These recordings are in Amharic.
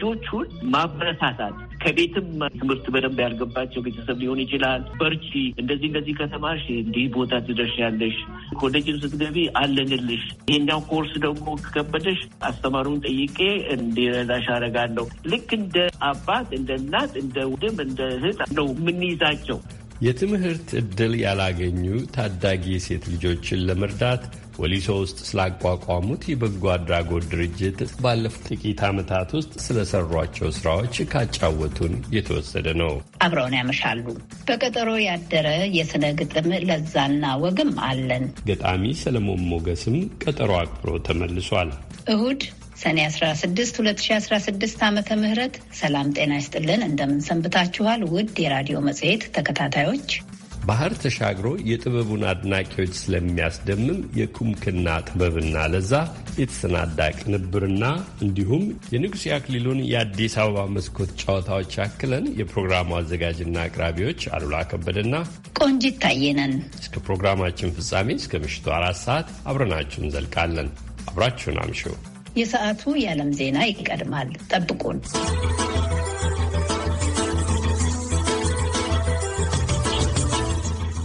ልጆቹን ማበረታታት ከቤትም ትምህርት በደንብ ያልገባቸው ቤተሰብ ሊሆን ይችላል። በርቺ፣ እንደዚህ እንደዚህ ከተማሽ እንዲህ ቦታ ትደርሻለሽ፣ ኮሌጅም ስትገቢ አለንልሽ፣ ይሄኛው ኮርስ ደግሞ ከበደሽ አስተማሪውን ጠይቄ እንዲረዳሽ አረጋለሁ። ልክ እንደ አባት፣ እንደ እናት፣ እንደ ውድም እንደ እህት ነው የምንይዛቸው። የትምህርት ዕድል ያላገኙ ታዳጊ ሴት ልጆችን ለመርዳት ወሊሶ ውስጥ ስላቋቋሙት የበጎ አድራጎት ድርጅት ባለፉት ጥቂት ዓመታት ውስጥ ስለሰሯቸው ስራዎች ካጫወቱን የተወሰደ ነው። አብረውን ያመሻሉ። በቀጠሮ ያደረ የሥነ ግጥም ለዛና ወግም አለን። ገጣሚ ሰለሞን ሞገስም ቀጠሮ አክብሮ ተመልሷል። እሁድ ሰኔ 16 2016 ዓ ም ሰላም ጤና ይስጥልን። ሰንብታችኋል ውድ የራዲዮ መጽሔት ተከታታዮች ባህር ተሻግሮ የጥበቡን አድናቂዎች ስለሚያስደምም የኩምክና ጥበብና ለዛ የተሰናዳ ቅንብርና እንዲሁም የንጉሥ አክሊሉን የአዲስ አበባ መስኮት ጨዋታዎች ያክለን የፕሮግራሙ አዘጋጅና አቅራቢዎች አሉላ ከበደና ቆንጂት ታየነን እስከ ፕሮግራማችን ፍጻሜ እስከ ምሽቱ አራት ሰዓት አብረናችሁ እንዘልቃለን። አብራችሁን አምሽው። የሰዓቱ የዓለም ዜና ይቀድማል። ጠብቁን።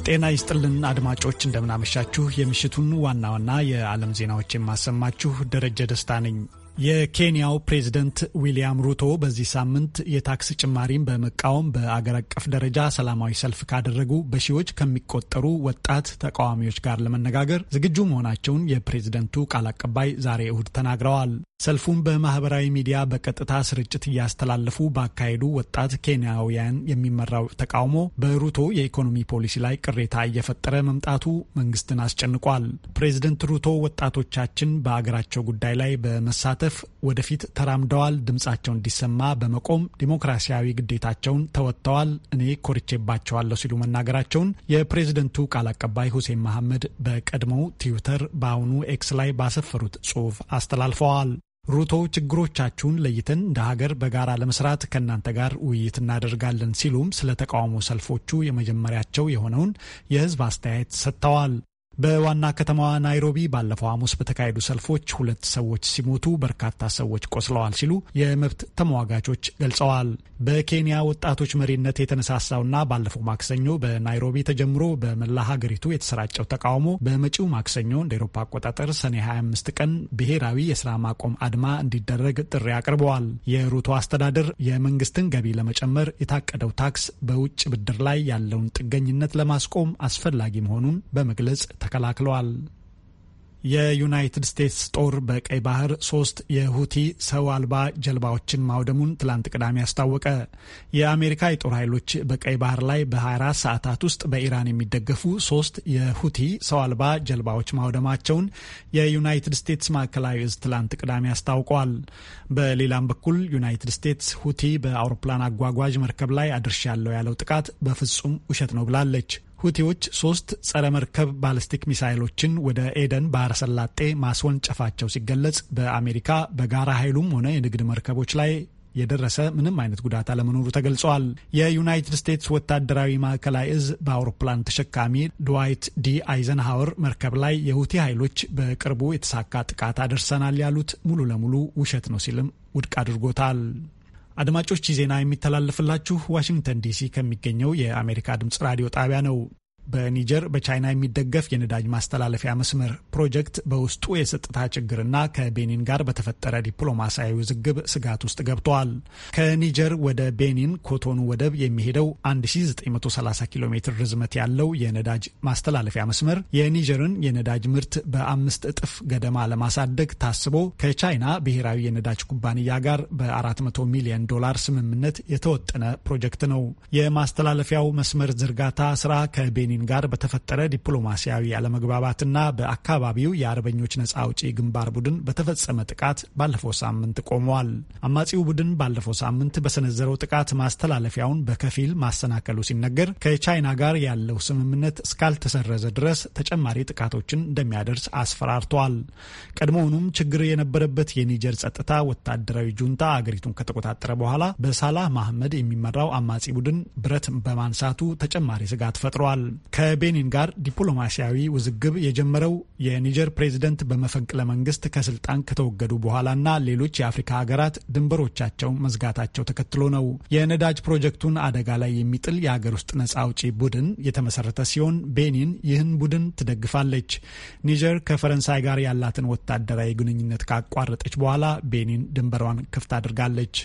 ጤና ይስጥልን አድማጮች፣ እንደምናመሻችሁ። የምሽቱን ዋና ዋና የዓለም ዜናዎች የማሰማችሁ ደረጀ ደስታ ነኝ። የኬንያው ፕሬዝደንት ዊልያም ሩቶ በዚህ ሳምንት የታክስ ጭማሪን በመቃወም በአገር አቀፍ ደረጃ ሰላማዊ ሰልፍ ካደረጉ በሺዎች ከሚቆጠሩ ወጣት ተቃዋሚዎች ጋር ለመነጋገር ዝግጁ መሆናቸውን የፕሬዝደንቱ ቃል አቀባይ ዛሬ እሁድ ተናግረዋል። ሰልፉን በማህበራዊ ሚዲያ በቀጥታ ስርጭት እያስተላለፉ ባካሄዱ ወጣት ኬንያውያን የሚመራው ተቃውሞ በሩቶ የኢኮኖሚ ፖሊሲ ላይ ቅሬታ እየፈጠረ መምጣቱ መንግስትን አስጨንቋል። ፕሬዝደንት ሩቶ ወጣቶቻችን በአገራቸው ጉዳይ ላይ በመሳተፍ በመሳተፍ ወደፊት ተራምደዋል። ድምጻቸው እንዲሰማ በመቆም ዲሞክራሲያዊ ግዴታቸውን ተወጥተዋል። እኔ ኮርቼባቸዋለሁ ሲሉ መናገራቸውን የፕሬዝደንቱ ቃል አቀባይ ሁሴን መሐመድ በቀድሞው ትዊተር በአሁኑ ኤክስ ላይ ባሰፈሩት ጽሑፍ አስተላልፈዋል። ሩቶ ችግሮቻችሁን ለይተን እንደ ሀገር በጋራ ለመስራት ከእናንተ ጋር ውይይት እናደርጋለን ሲሉም ስለ ተቃውሞ ሰልፎቹ የመጀመሪያቸው የሆነውን የህዝብ አስተያየት ሰጥተዋል። በዋና ከተማዋ ናይሮቢ ባለፈው ሐሙስ በተካሄዱ ሰልፎች ሁለት ሰዎች ሲሞቱ በርካታ ሰዎች ቆስለዋል ሲሉ የመብት ተሟጋቾች ገልጸዋል። በኬንያ ወጣቶች መሪነት የተነሳሳውና ባለፈው ማክሰኞ በናይሮቢ ተጀምሮ በመላ ሀገሪቱ የተሰራጨው ተቃውሞ በመጪው ማክሰኞ እንደ ኤሮፓ አቆጣጠር ሰኔ 25 ቀን ብሔራዊ የስራ ማቆም አድማ እንዲደረግ ጥሪ አቅርበዋል። የሩቶ አስተዳደር የመንግስትን ገቢ ለመጨመር የታቀደው ታክስ በውጭ ብድር ላይ ያለውን ጥገኝነት ለማስቆም አስፈላጊ መሆኑን በመግለጽ ተከላክለዋል። የዩናይትድ ስቴትስ ጦር በቀይ ባህር ሶስት የሁቲ ሰው አልባ ጀልባዎችን ማውደሙን ትላንት ቅዳሜ አስታወቀ። የአሜሪካ የጦር ኃይሎች በቀይ ባህር ላይ በ24 ሰዓታት ውስጥ በኢራን የሚደገፉ ሶስት የሁቲ ሰው አልባ ጀልባዎች ማውደማቸውን የዩናይትድ ስቴትስ ማዕከላዊ እዝ ትላንት ቅዳሜ አስታውቋል። በሌላም በኩል ዩናይትድ ስቴትስ ሁቲ በአውሮፕላን አጓጓዥ መርከብ ላይ አድርሻለሁ ያለው ጥቃት በፍጹም ውሸት ነው ብላለች። ሁቲዎች ሶስት ጸረ መርከብ ባለስቲክ ሚሳይሎችን ወደ ኤደን ባህረ ሰላጤ ማስወንጨፋቸው ሲገለጽ በአሜሪካ በጋራ ኃይሉም ሆነ የንግድ መርከቦች ላይ የደረሰ ምንም አይነት ጉዳት አለመኖሩ ተገልጸዋል። የዩናይትድ ስቴትስ ወታደራዊ ማዕከላዊ እዝ በአውሮፕላን ተሸካሚ ድዋይት ዲ አይዘንሃወር መርከብ ላይ የሁቲ ኃይሎች በቅርቡ የተሳካ ጥቃት አደርሰናል ያሉት ሙሉ ለሙሉ ውሸት ነው ሲልም ውድቅ አድርጎታል። አድማጮች ዜና የሚተላለፍላችሁ ዋሽንግተን ዲሲ ከሚገኘው የአሜሪካ ድምፅ ራዲዮ ጣቢያ ነው። በኒጀር በቻይና የሚደገፍ የነዳጅ ማስተላለፊያ መስመር ፕሮጀክት በውስጡ የጸጥታ ችግርና ከቤኒን ጋር በተፈጠረ ዲፕሎማሲያዊ ውዝግብ ስጋት ውስጥ ገብተዋል። ከኒጀር ወደ ቤኒን ኮቶኑ ወደብ የሚሄደው 1930 ኪሎ ሜትር ርዝመት ያለው የነዳጅ ማስተላለፊያ መስመር የኒጀርን የነዳጅ ምርት በአምስት እጥፍ ገደማ ለማሳደግ ታስቦ ከቻይና ብሔራዊ የነዳጅ ኩባንያ ጋር በ400 ሚሊዮን ዶላር ስምምነት የተወጠነ ፕሮጀክት ነው። የማስተላለፊያው መስመር ዝርጋታ ስራ ከቤኒን ቤኒን ጋር በተፈጠረ ዲፕሎማሲያዊ አለመግባባትና በአካባቢው የአርበኞች ነጻ አውጪ ግንባር ቡድን በተፈጸመ ጥቃት ባለፈው ሳምንት ቆመዋል። አማጺው ቡድን ባለፈው ሳምንት በሰነዘረው ጥቃት ማስተላለፊያውን በከፊል ማሰናከሉ ሲነገር ከቻይና ጋር ያለው ስምምነት እስካልተሰረዘ ድረስ ተጨማሪ ጥቃቶችን እንደሚያደርስ አስፈራርተዋል። ቀድሞውኑም ችግር የነበረበት የኒጀር ጸጥታ ወታደራዊ ጁንታ አገሪቱን ከተቆጣጠረ በኋላ በሳላህ ማህመድ የሚመራው አማጺ ቡድን ብረት በማንሳቱ ተጨማሪ ስጋት ፈጥሯል። ከቤኒን ጋር ዲፕሎማሲያዊ ውዝግብ የጀመረው የኒጀር ፕሬዝደንት በመፈንቅለ መንግስት ከስልጣን ከተወገዱ በኋላና ሌሎች የአፍሪካ ሀገራት ድንበሮቻቸው መዝጋታቸው ተከትሎ ነው። የነዳጅ ፕሮጀክቱን አደጋ ላይ የሚጥል የሀገር ውስጥ ነጻ አውጪ ቡድን የተመሰረተ ሲሆን ቤኒን ይህን ቡድን ትደግፋለች። ኒጀር ከፈረንሳይ ጋር ያላትን ወታደራዊ ግንኙነት ካቋረጠች በኋላ ቤኒን ድንበሯን ክፍት አድርጋለች።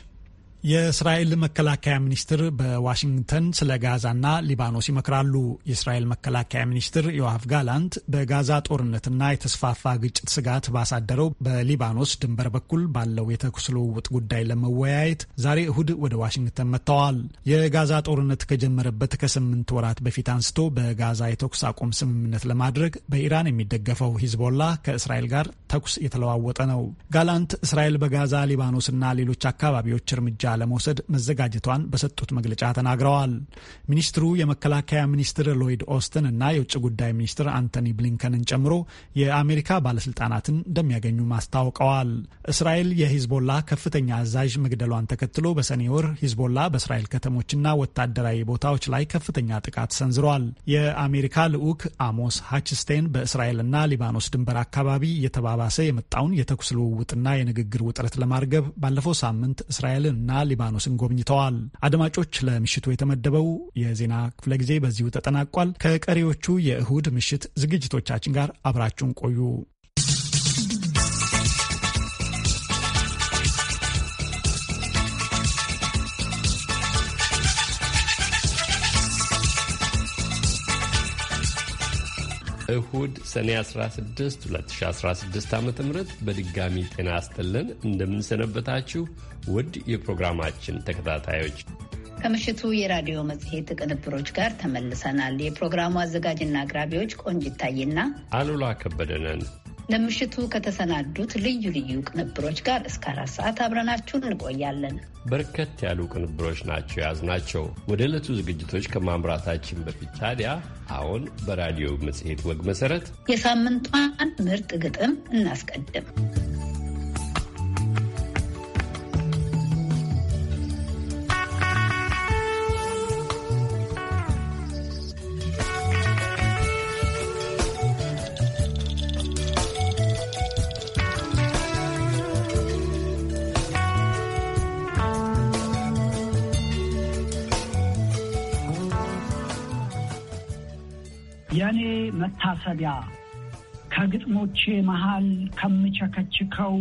የእስራኤል መከላከያ ሚኒስትር በዋሽንግተን ስለ ጋዛና ሊባኖስ ይመክራሉ። የእስራኤል መከላከያ ሚኒስትር ዮአፍ ጋላንት በጋዛ ጦርነትና የተስፋፋ ግጭት ስጋት ባሳደረው በሊባኖስ ድንበር በኩል ባለው የተኩስ ልውውጥ ጉዳይ ለመወያየት ዛሬ እሁድ ወደ ዋሽንግተን መጥተዋል። የጋዛ ጦርነት ከጀመረበት ከስምንት ወራት በፊት አንስቶ በጋዛ የተኩስ አቁም ስምምነት ለማድረግ በኢራን የሚደገፈው ሂዝቦላ ከእስራኤል ጋር ተኩስ የተለዋወጠ ነው። ጋላንት እስራኤል በጋዛ ሊባኖስና ሌሎች አካባቢዎች እርምጃ ለመውሰድ መዘጋጀቷን በሰጡት መግለጫ ተናግረዋል። ሚኒስትሩ የመከላከያ ሚኒስትር ሎይድ ኦስትን እና የውጭ ጉዳይ ሚኒስትር አንቶኒ ብሊንከንን ጨምሮ የአሜሪካ ባለስልጣናትን እንደሚያገኙ ማስታውቀዋል። እስራኤል የሂዝቦላ ከፍተኛ አዛዥ መግደሏን ተከትሎ በሰኔ ወር ሂዝቦላ በእስራኤል ከተሞችና ወታደራዊ ቦታዎች ላይ ከፍተኛ ጥቃት ሰንዝሯል። የአሜሪካ ልዑክ አሞስ ሃችስቴን በእስራኤልና ሊባኖስ ድንበር አካባቢ እየተባባሰ የመጣውን የተኩስ ልውውጥና የንግግር ውጥረት ለማርገብ ባለፈው ሳምንት እስራኤልን ሊባኖስን ጎብኝተዋል። አድማጮች፣ ለምሽቱ የተመደበው የዜና ክፍለ ጊዜ በዚሁ ተጠናቋል። ከቀሪዎቹ የእሁድ ምሽት ዝግጅቶቻችን ጋር አብራችሁን ቆዩ። እሁድ ሰኔ 16 2016 ዓ ም በድጋሚ ጤና ያስጥልን። እንደምንሰነበታችሁ ውድ የፕሮግራማችን ተከታታዮች ከምሽቱ የራዲዮ መጽሔት ቅንብሮች ጋር ተመልሰናል። የፕሮግራሙ አዘጋጅና አቅራቢዎች ቆንጅታይና አሉላ ከበደ ነን። ለምሽቱ ከተሰናዱት ልዩ ልዩ ቅንብሮች ጋር እስከ አራት ሰዓት አብረናችሁ እንቆያለን። በርከት ያሉ ቅንብሮች ናቸው የያዝናቸው። ወደ ዕለቱ ዝግጅቶች ከማምራታችን በፊት ታዲያ አሁን በራዲዮ መጽሔት ወግ መሠረት የሳምንቷን ምርጥ ግጥም እናስቀድም። መታሰቢያ ከግጥሞቼ መሃል ከምቸከችከው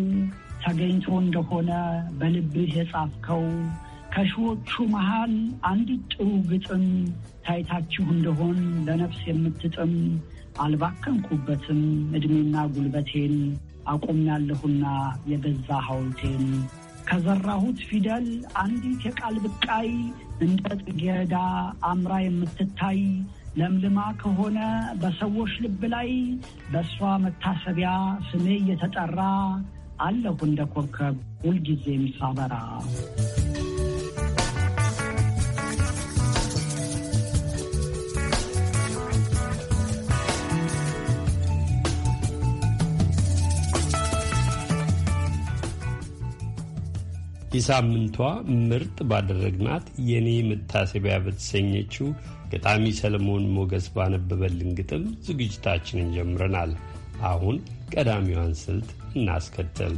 ተገኝቶ እንደሆነ በልብህ የጻፍከው ከሺዎቹ መሃል አንዲት ጥሩ ግጥም ታይታችሁ እንደሆን ለነፍስ የምትጥም አልባከንኩበትም ዕድሜና ጉልበቴን አቁም ያለሁና የገዛ ሐውልቴን ከዘራሁት ፊደል አንዲት የቃል ብቃይ እንደ ጽጌረዳ አምራ የምትታይ ለምልማ ከሆነ በሰዎች ልብ ላይ በእሷ መታሰቢያ ስሜ እየተጠራ አለሁ እንደ ኮከብ ሁልጊዜም ሳበራ። የሳምንቷ ምርጥ ባደረግናት የኔ መታሰቢያ በተሰኘችው ገጣሚ ሰለሞን ሞገስ ባነበበልን ግጥም ዝግጅታችንን ጀምረናል። አሁን ቀዳሚዋን ስልት እናስከተል።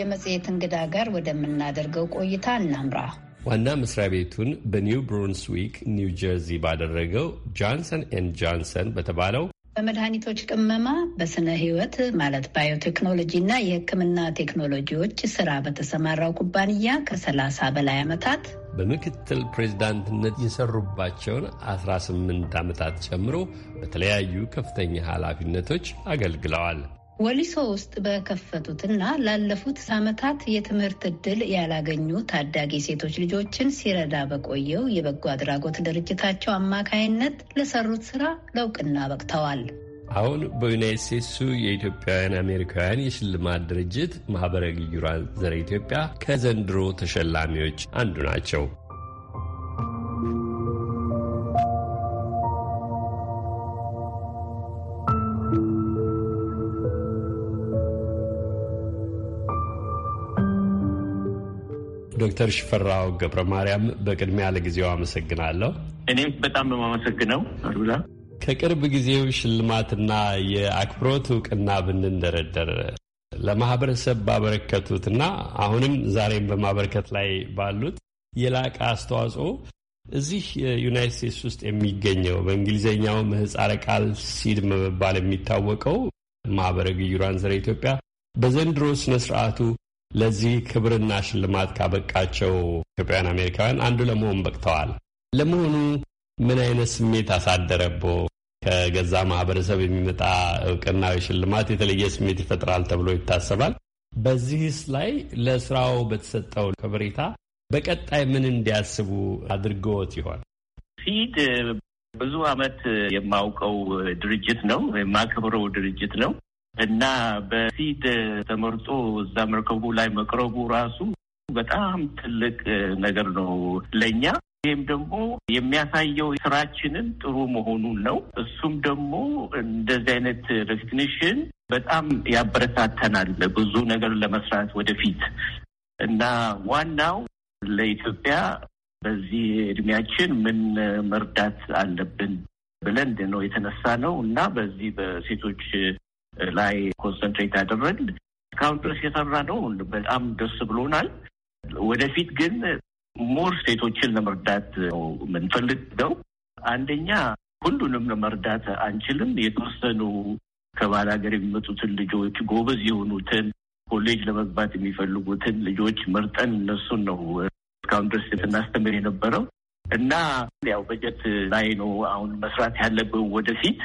የመጽሔት እንግዳ ጋር ወደምናደርገው ቆይታ እናምራ። ዋና መስሪያ ቤቱን በኒው ብሩንስዊክ ኒው ጀርዚ ባደረገው ጆንሰን ኤንድ ጃንሰን በተባለው በመድኃኒቶች ቅመማ በስነ ህይወት ማለት ባዮቴክኖሎጂ እና የሕክምና ቴክኖሎጂዎች ስራ በተሰማራው ኩባንያ ከሰላሳ በላይ ዓመታት በምክትል ፕሬዚዳንትነት የሰሩባቸውን 18 ዓመታት ጨምሮ በተለያዩ ከፍተኛ ኃላፊነቶች አገልግለዋል። ወሊሶ ውስጥ በከፈቱትና ላለፉት ዓመታት የትምህርት ዕድል ያላገኙ ታዳጊ ሴቶች ልጆችን ሲረዳ በቆየው የበጎ አድራጎት ድርጅታቸው አማካይነት ለሰሩት ስራ ለውቅና በቅተዋል። አሁን በዩናይት ስቴትሱ የኢትዮጵያውያን አሜሪካውያን የሽልማት ድርጅት ማኅበረ ግዩራን ዘረ ኢትዮጵያ ከዘንድሮ ተሸላሚዎች አንዱ ናቸው። ዶክተር ሽፈራው ገብረ ማርያም በቅድሚያ ለጊዜው አመሰግናለሁ። እኔም በጣም በማመሰግነው አሉላ ከቅርብ ጊዜው ሽልማትና የአክብሮት እውቅና ብንንደረደር ለማህበረሰብ ባበረከቱትና አሁንም ዛሬም በማበረከት ላይ ባሉት የላቀ አስተዋጽኦ እዚህ ዩናይት ስቴትስ ውስጥ የሚገኘው በእንግሊዝኛው ምህፃረ ቃል ሲድ መበባል የሚታወቀው ማህበረ ግዩራን ዘረ ኢትዮጵያ በዘንድሮ ስነ ስርዓቱ ለዚህ ክብርና ሽልማት ካበቃቸው ኢትዮጵያውያን አሜሪካውያን አንዱ ለመሆን በቅተዋል። ለመሆኑ ምን አይነት ስሜት አሳደረቦ? ከገዛ ማህበረሰብ የሚመጣ እውቅና ሽልማት የተለየ ስሜት ይፈጥራል ተብሎ ይታሰባል። በዚህስ ላይ ለስራው በተሰጠው ከበሬታ በቀጣይ ምን እንዲያስቡ አድርገዎት ይሆን? ፊድ ብዙ አመት የማውቀው ድርጅት ነው፣ የማከብረው ድርጅት ነው። እና በፊት ተመርጦ እዛ መርከቡ ላይ መቅረቡ ራሱ በጣም ትልቅ ነገር ነው ለእኛ። ይህም ደግሞ የሚያሳየው ስራችንን ጥሩ መሆኑን ነው። እሱም ደግሞ እንደዚህ አይነት ሬኮግኒሽን በጣም ያበረታተናል ብዙ ነገር ለመስራት ወደፊት እና ዋናው ለኢትዮጵያ በዚህ እድሜያችን ምን መርዳት አለብን ብለን ነው የተነሳ ነው እና በዚህ በሴቶች ላይ ኮንሰንትሬት ያደረግ እስካሁን ድረስ የሰራ ነው። በጣም ደስ ብሎናል። ወደፊት ግን ሞር ሴቶችን ለመርዳት ነው የምንፈልገው። አንደኛ ሁሉንም ለመርዳት አንችልም። የተወሰኑ ከባል ሀገር የሚመጡትን ልጆች፣ ጎበዝ የሆኑትን ኮሌጅ ለመግባት የሚፈልጉትን ልጆች መርጠን እነሱን ነው እስካሁን ድረስ ስናስተምር የነበረው እና ያው በጀት ላይ ነው አሁን መስራት ያለብን ወደፊት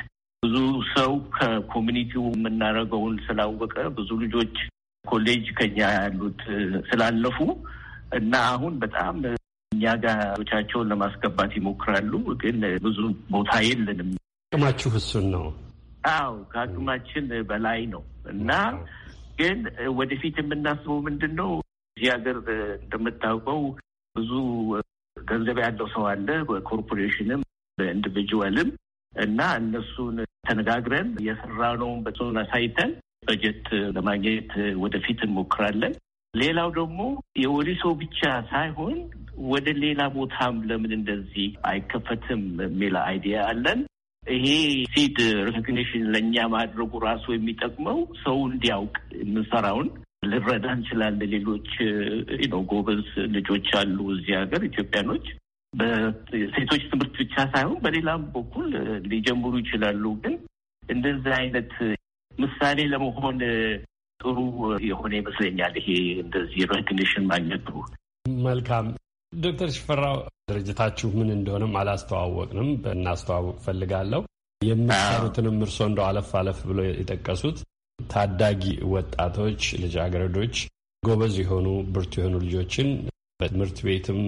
ብዙ ሰው ከኮሚኒቲው የምናደርገውን ስላወቀ ብዙ ልጆች ኮሌጅ ከኛ ያሉት ስላለፉ እና አሁን በጣም እኛ ጋር ለማስገባት ይሞክራሉ። ግን ብዙ ቦታ የለንም። አቅማችሁ እሱን ነው? አዎ ከአቅማችን በላይ ነው እና ግን ወደፊት የምናስበው ምንድን ነው እዚህ ሀገር እንደምታውቀው ብዙ ገንዘብ ያለው ሰው አለ፣ በኮርፖሬሽንም በኢንዲቪጁዋልም እና እነሱን ተነጋግረን የሰራነውን በጽሁን አሳይተን በጀት ለማግኘት ወደፊት እንሞክራለን። ሌላው ደግሞ የወሊሶ ብቻ ሳይሆን ወደ ሌላ ቦታም ለምን እንደዚህ አይከፈትም የሚል አይዲያ አለን። ይሄ ሲድ ሬኮግኒሽን ለእኛ ማድረጉ ራሱ የሚጠቅመው ሰው እንዲያውቅ የምንሰራውን ልረዳ እንችላለን። ሌሎች ነው ጎበዝ ልጆች አሉ እዚህ ሀገር ኢትዮጵያኖች በሴቶች ትምህርት ብቻ ሳይሆን በሌላም በኩል ሊጀምሩ ይችላሉ። ግን እንደዚህ አይነት ምሳሌ ለመሆን ጥሩ የሆነ ይመስለኛል። ይሄ እንደዚህ ሬኮግኒሽን ማግኘቱ መልካም። ዶክተር ሽፈራው ድርጅታችሁ ምን እንደሆነም አላስተዋወቅንም፣ እናስተዋወቅ ፈልጋለሁ። የምትሰሩትንም እርሶ እንደው አለፍ አለፍ ብሎ የጠቀሱት ታዳጊ ወጣቶች ልጃገረዶች ጎበዝ የሆኑ ብርቱ የሆኑ ልጆችን በትምህርት ቤትም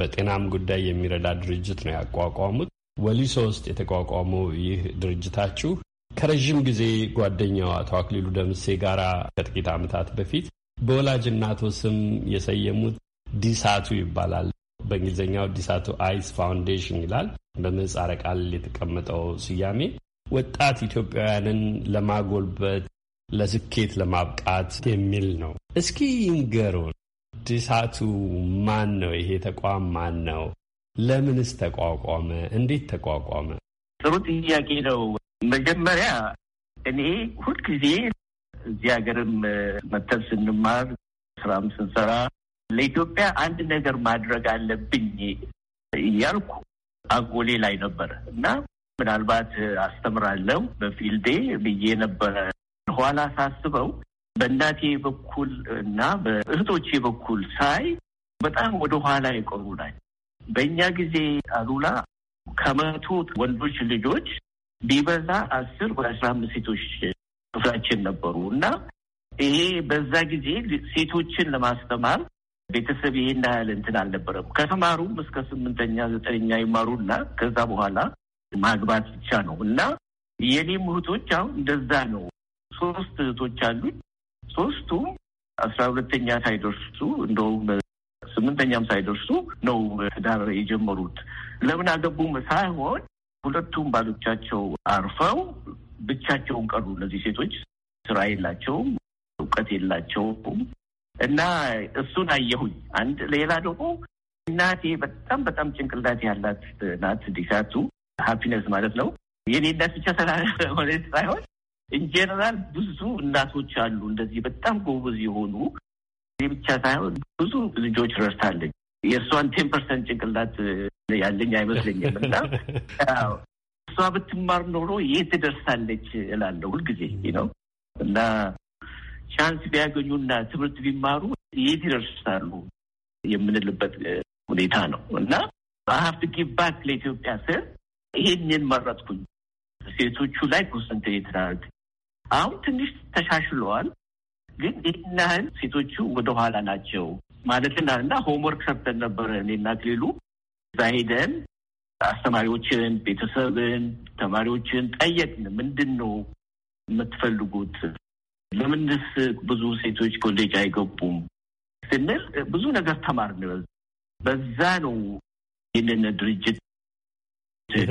በጤናም ጉዳይ የሚረዳ ድርጅት ነው ያቋቋሙት። ወሊሶ ውስጥ የተቋቋመው ይህ ድርጅታችሁ ከረዥም ጊዜ ጓደኛው አቶ አክሊሉ ደምሴ ጋር ከጥቂት ዓመታት በፊት በወላጅ እናቶ ስም የሰየሙት ዲሳቱ ይባላል። በእንግሊዝኛው ዲሳቱ አይስ ፋውንዴሽን ይላል በምህጻረ ቃል የተቀመጠው ስያሜ ወጣት ኢትዮጵያውያንን ለማጎልበት ለስኬት ለማብቃት የሚል ነው። እስኪ ይንገሩን አዲሳቱ ማን ነው? ይሄ ተቋም ማን ነው? ለምንስ ተቋቋመ? እንዴት ተቋቋመ? ጥሩ ጥያቄ ነው። መጀመሪያ እኔ ሁልጊዜ እዚህ ሀገርም መተብ ስንማር ስራም ስንሰራ ለኢትዮጵያ አንድ ነገር ማድረግ አለብኝ እያልኩ አጎሌ ላይ ነበረ እና ምናልባት አስተምራለሁ በፊልዴ ብዬ ነበረ። ኋላ ሳስበው በእናቴ በኩል እና በእህቶቼ በኩል ሳይ በጣም ኋላ የቀሩ ናቸው። በእኛ ጊዜ አሉላ ከመቶ ወንዶች ልጆች ቢበዛ አስር ወይ አስራ አምስት ሴቶች ክፍላችን ነበሩ እና ይሄ በዛ ጊዜ ሴቶችን ለማስተማር ቤተሰብ ይሄን ያህል እንትን አልነበረም። ከተማሩም እስከ ስምንተኛ ዘጠነኛ ይማሩና ከዛ በኋላ ማግባት ብቻ ነው እና የኔም እህቶች አሁን እንደዛ ነው። ሶስት እህቶች አሉኝ። ሶስቱ አስራ ሁለተኛ ሳይደርሱ እንደውም ስምንተኛም ሳይደርሱ ነው ትዳር የጀመሩት። ለምን አገቡም ሳይሆን ሁለቱም ባሎቻቸው አርፈው ብቻቸውን ቀሩ። እነዚህ ሴቶች ስራ የላቸውም፣ እውቀት የላቸውም እና እሱን አየሁኝ። አንድ ሌላ ደግሞ እናቴ በጣም በጣም ጭንቅላት ያላት ናት። ዲሳቱ ሀፒነስ ማለት ነው የኔ እናት ብቻ ሳይሆን ኢንጀነራል ብዙ እናቶች አሉ እንደዚህ በጣም ጎበዝ የሆኑ ብቻ ሳይሆን ብዙ ልጆች ረድታለች። የእሷን ቴን ፐርሰንት ጭንቅላት ያለኝ አይመስለኝም እና እሷ ብትማር ኖሮ የት ትደርሳለች እላለሁ ሁልጊዜ ነው እና ቻንስ ቢያገኙና ትምህርት ቢማሩ የት ይደርሳሉ የምንልበት ሁኔታ ነው እና ሀብት ጊባክ ለኢትዮጵያ ስር ይሄንን መረጥኩኝ። ሴቶቹ ላይ ኮንሰንትሬት ናርግ አሁን ትንሽ ተሻሽለዋል፣ ግን ይህን ያህል ሴቶቹ ወደኋላ ናቸው ማለትና እና ሆምወርክ ሰርተን ነበረ እኔና ክሌሉ እዛ ሄደን አስተማሪዎችን፣ ቤተሰብን፣ ተማሪዎችን ጠየቅን። ምንድን ነው የምትፈልጉት? ለምንስ ብዙ ሴቶች ኮሌጅ አይገቡም ስንል ብዙ ነገር ተማርን። በዛ ነው ይህንን ድርጅት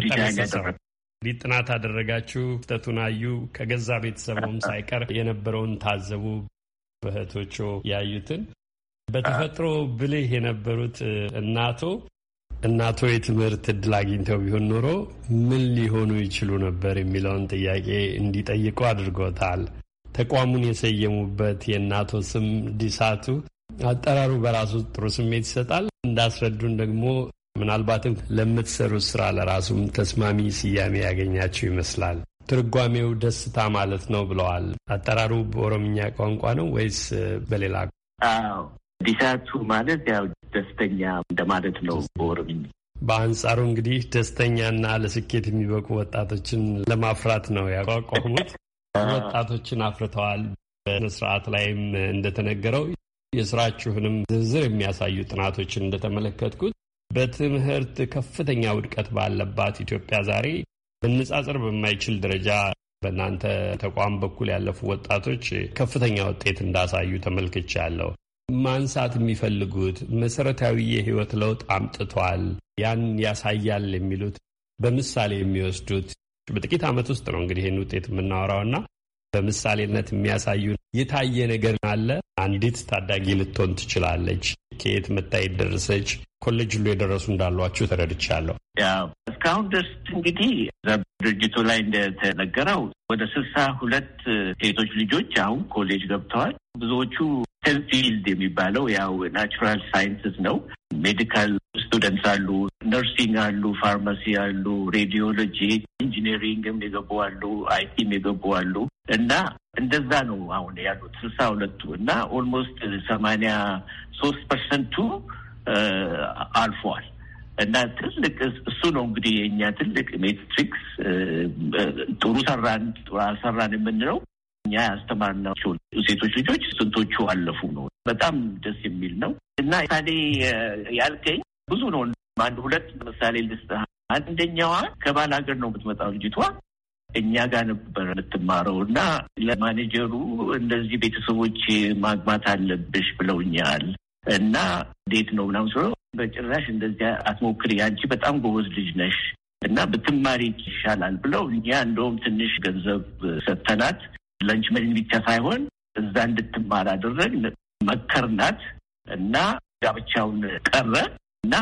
ዲዛይን ያደረግ እንዲህ ጥናት አደረጋችሁ፣ ክስተቱን አዩ፣ ከገዛ ቤተሰቡም ሳይቀር የነበረውን ታዘቡ። እህቶቹ ያዩትን በተፈጥሮ ብልህ የነበሩት እናቶ እናቶ የትምህርት እድል አግኝተው ቢሆን ኖሮ ምን ሊሆኑ ይችሉ ነበር የሚለውን ጥያቄ እንዲጠይቁ አድርጎታል። ተቋሙን የሰየሙበት የእናቶ ስም ዲሳቱ አጠራሩ በራሱ ጥሩ ስሜት ይሰጣል። እንዳስረዱን ደግሞ ምናልባትም ለምትሰሩት ስራ ለራሱም ተስማሚ ስያሜ ያገኛቸው ይመስላል። ትርጓሜው ደስታ ማለት ነው ብለዋል። አጠራሩ በኦሮምኛ ቋንቋ ነው ወይስ በሌላ? አዎ ዲሳቱ ማለት ያው ደስተኛ እንደማለት ነው በኦሮምኛ። በአንጻሩ እንግዲህ ደስተኛና ለስኬት የሚበቁ ወጣቶችን ለማፍራት ነው ያቋቋሙት። ወጣቶችን አፍርተዋል። በስርዓት ላይም እንደተነገረው የስራችሁንም ዝርዝር የሚያሳዩ ጥናቶችን እንደተመለከትኩት በትምህርት ከፍተኛ ውድቀት ባለባት ኢትዮጵያ ዛሬ መነጻጸር በማይችል ደረጃ በእናንተ ተቋም በኩል ያለፉ ወጣቶች ከፍተኛ ውጤት እንዳሳዩ ተመልክቻለሁ። ማንሳት የሚፈልጉት መሰረታዊ የህይወት ለውጥ አምጥቷል፣ ያን ያሳያል የሚሉት በምሳሌ የሚወስዱት በጥቂት ዓመት ውስጥ ነው እንግዲህ ይህን ውጤት የምናወራውና በምሳሌነት የሚያሳዩ የታየ ነገር አለ። አንዲት ታዳጊ ልትሆን ትችላለች። ከየት መታየት ደረሰች? ኮሌጅ ሁሉ የደረሱ እንዳሏችሁ ተረድቻለሁ። እስካሁን ደስ እንግዲህ ድርጅቱ ላይ እንደተነገረው ወደ ስልሳ ሁለት ሴቶች ልጆች አሁን ኮሌጅ ገብተዋል። ብዙዎቹ ስቴም ፊልድ የሚባለው ያው ናቹራል ሳይንስስ ነው። ሜዲካል ስቱደንትስ አሉ፣ ነርሲንግ አሉ፣ ፋርማሲ አሉ፣ ሬዲዮሎጂ፣ ኢንጂነሪንግም የገቡ አሉ፣ አይቲም የገቡ አሉ እና እንደዛ ነው አሁን ያሉት ስልሳ ሁለቱ እና ኦልሞስት ሰማንያ ሶስት ፐርሰንቱ አልፈዋል እና ትልቅ እሱ ነው እንግዲህ የእኛ ትልቅ ሜትሪክስ ጥሩ ሰራን ጥሩ አልሰራን የምንለው እኛ ያስተማርናቸው ሴቶች ልጆች ስንቶቹ አለፉ ነው። በጣም ደስ የሚል ነው እና ታዲያ ያልከኝ ብዙ ነው። አንድ ሁለት ምሳሌ ልስጥህ። አንደኛዋ ከባል ሀገር ነው የምትመጣው ልጅቷ እኛ ጋር ነበር የምትማረው እና ለማኔጀሩ እንደዚህ ቤተሰቦች ማግባት አለብሽ ብለውኛል እና እንዴት ነው ምናምን ስለው በጭራሽ እንደዚያ አትሞክሪ፣ አንቺ በጣም ጎበዝ ልጅ ነሽ እና ብትማሪ ይሻላል ብለው እኛ እንደውም ትንሽ ገንዘብ ሰጥተናት ለንች መኒ ብቻ ሳይሆን እዛ እንድትማር አደረግ መከርናት እና ጋብቻውን ቀረ። እና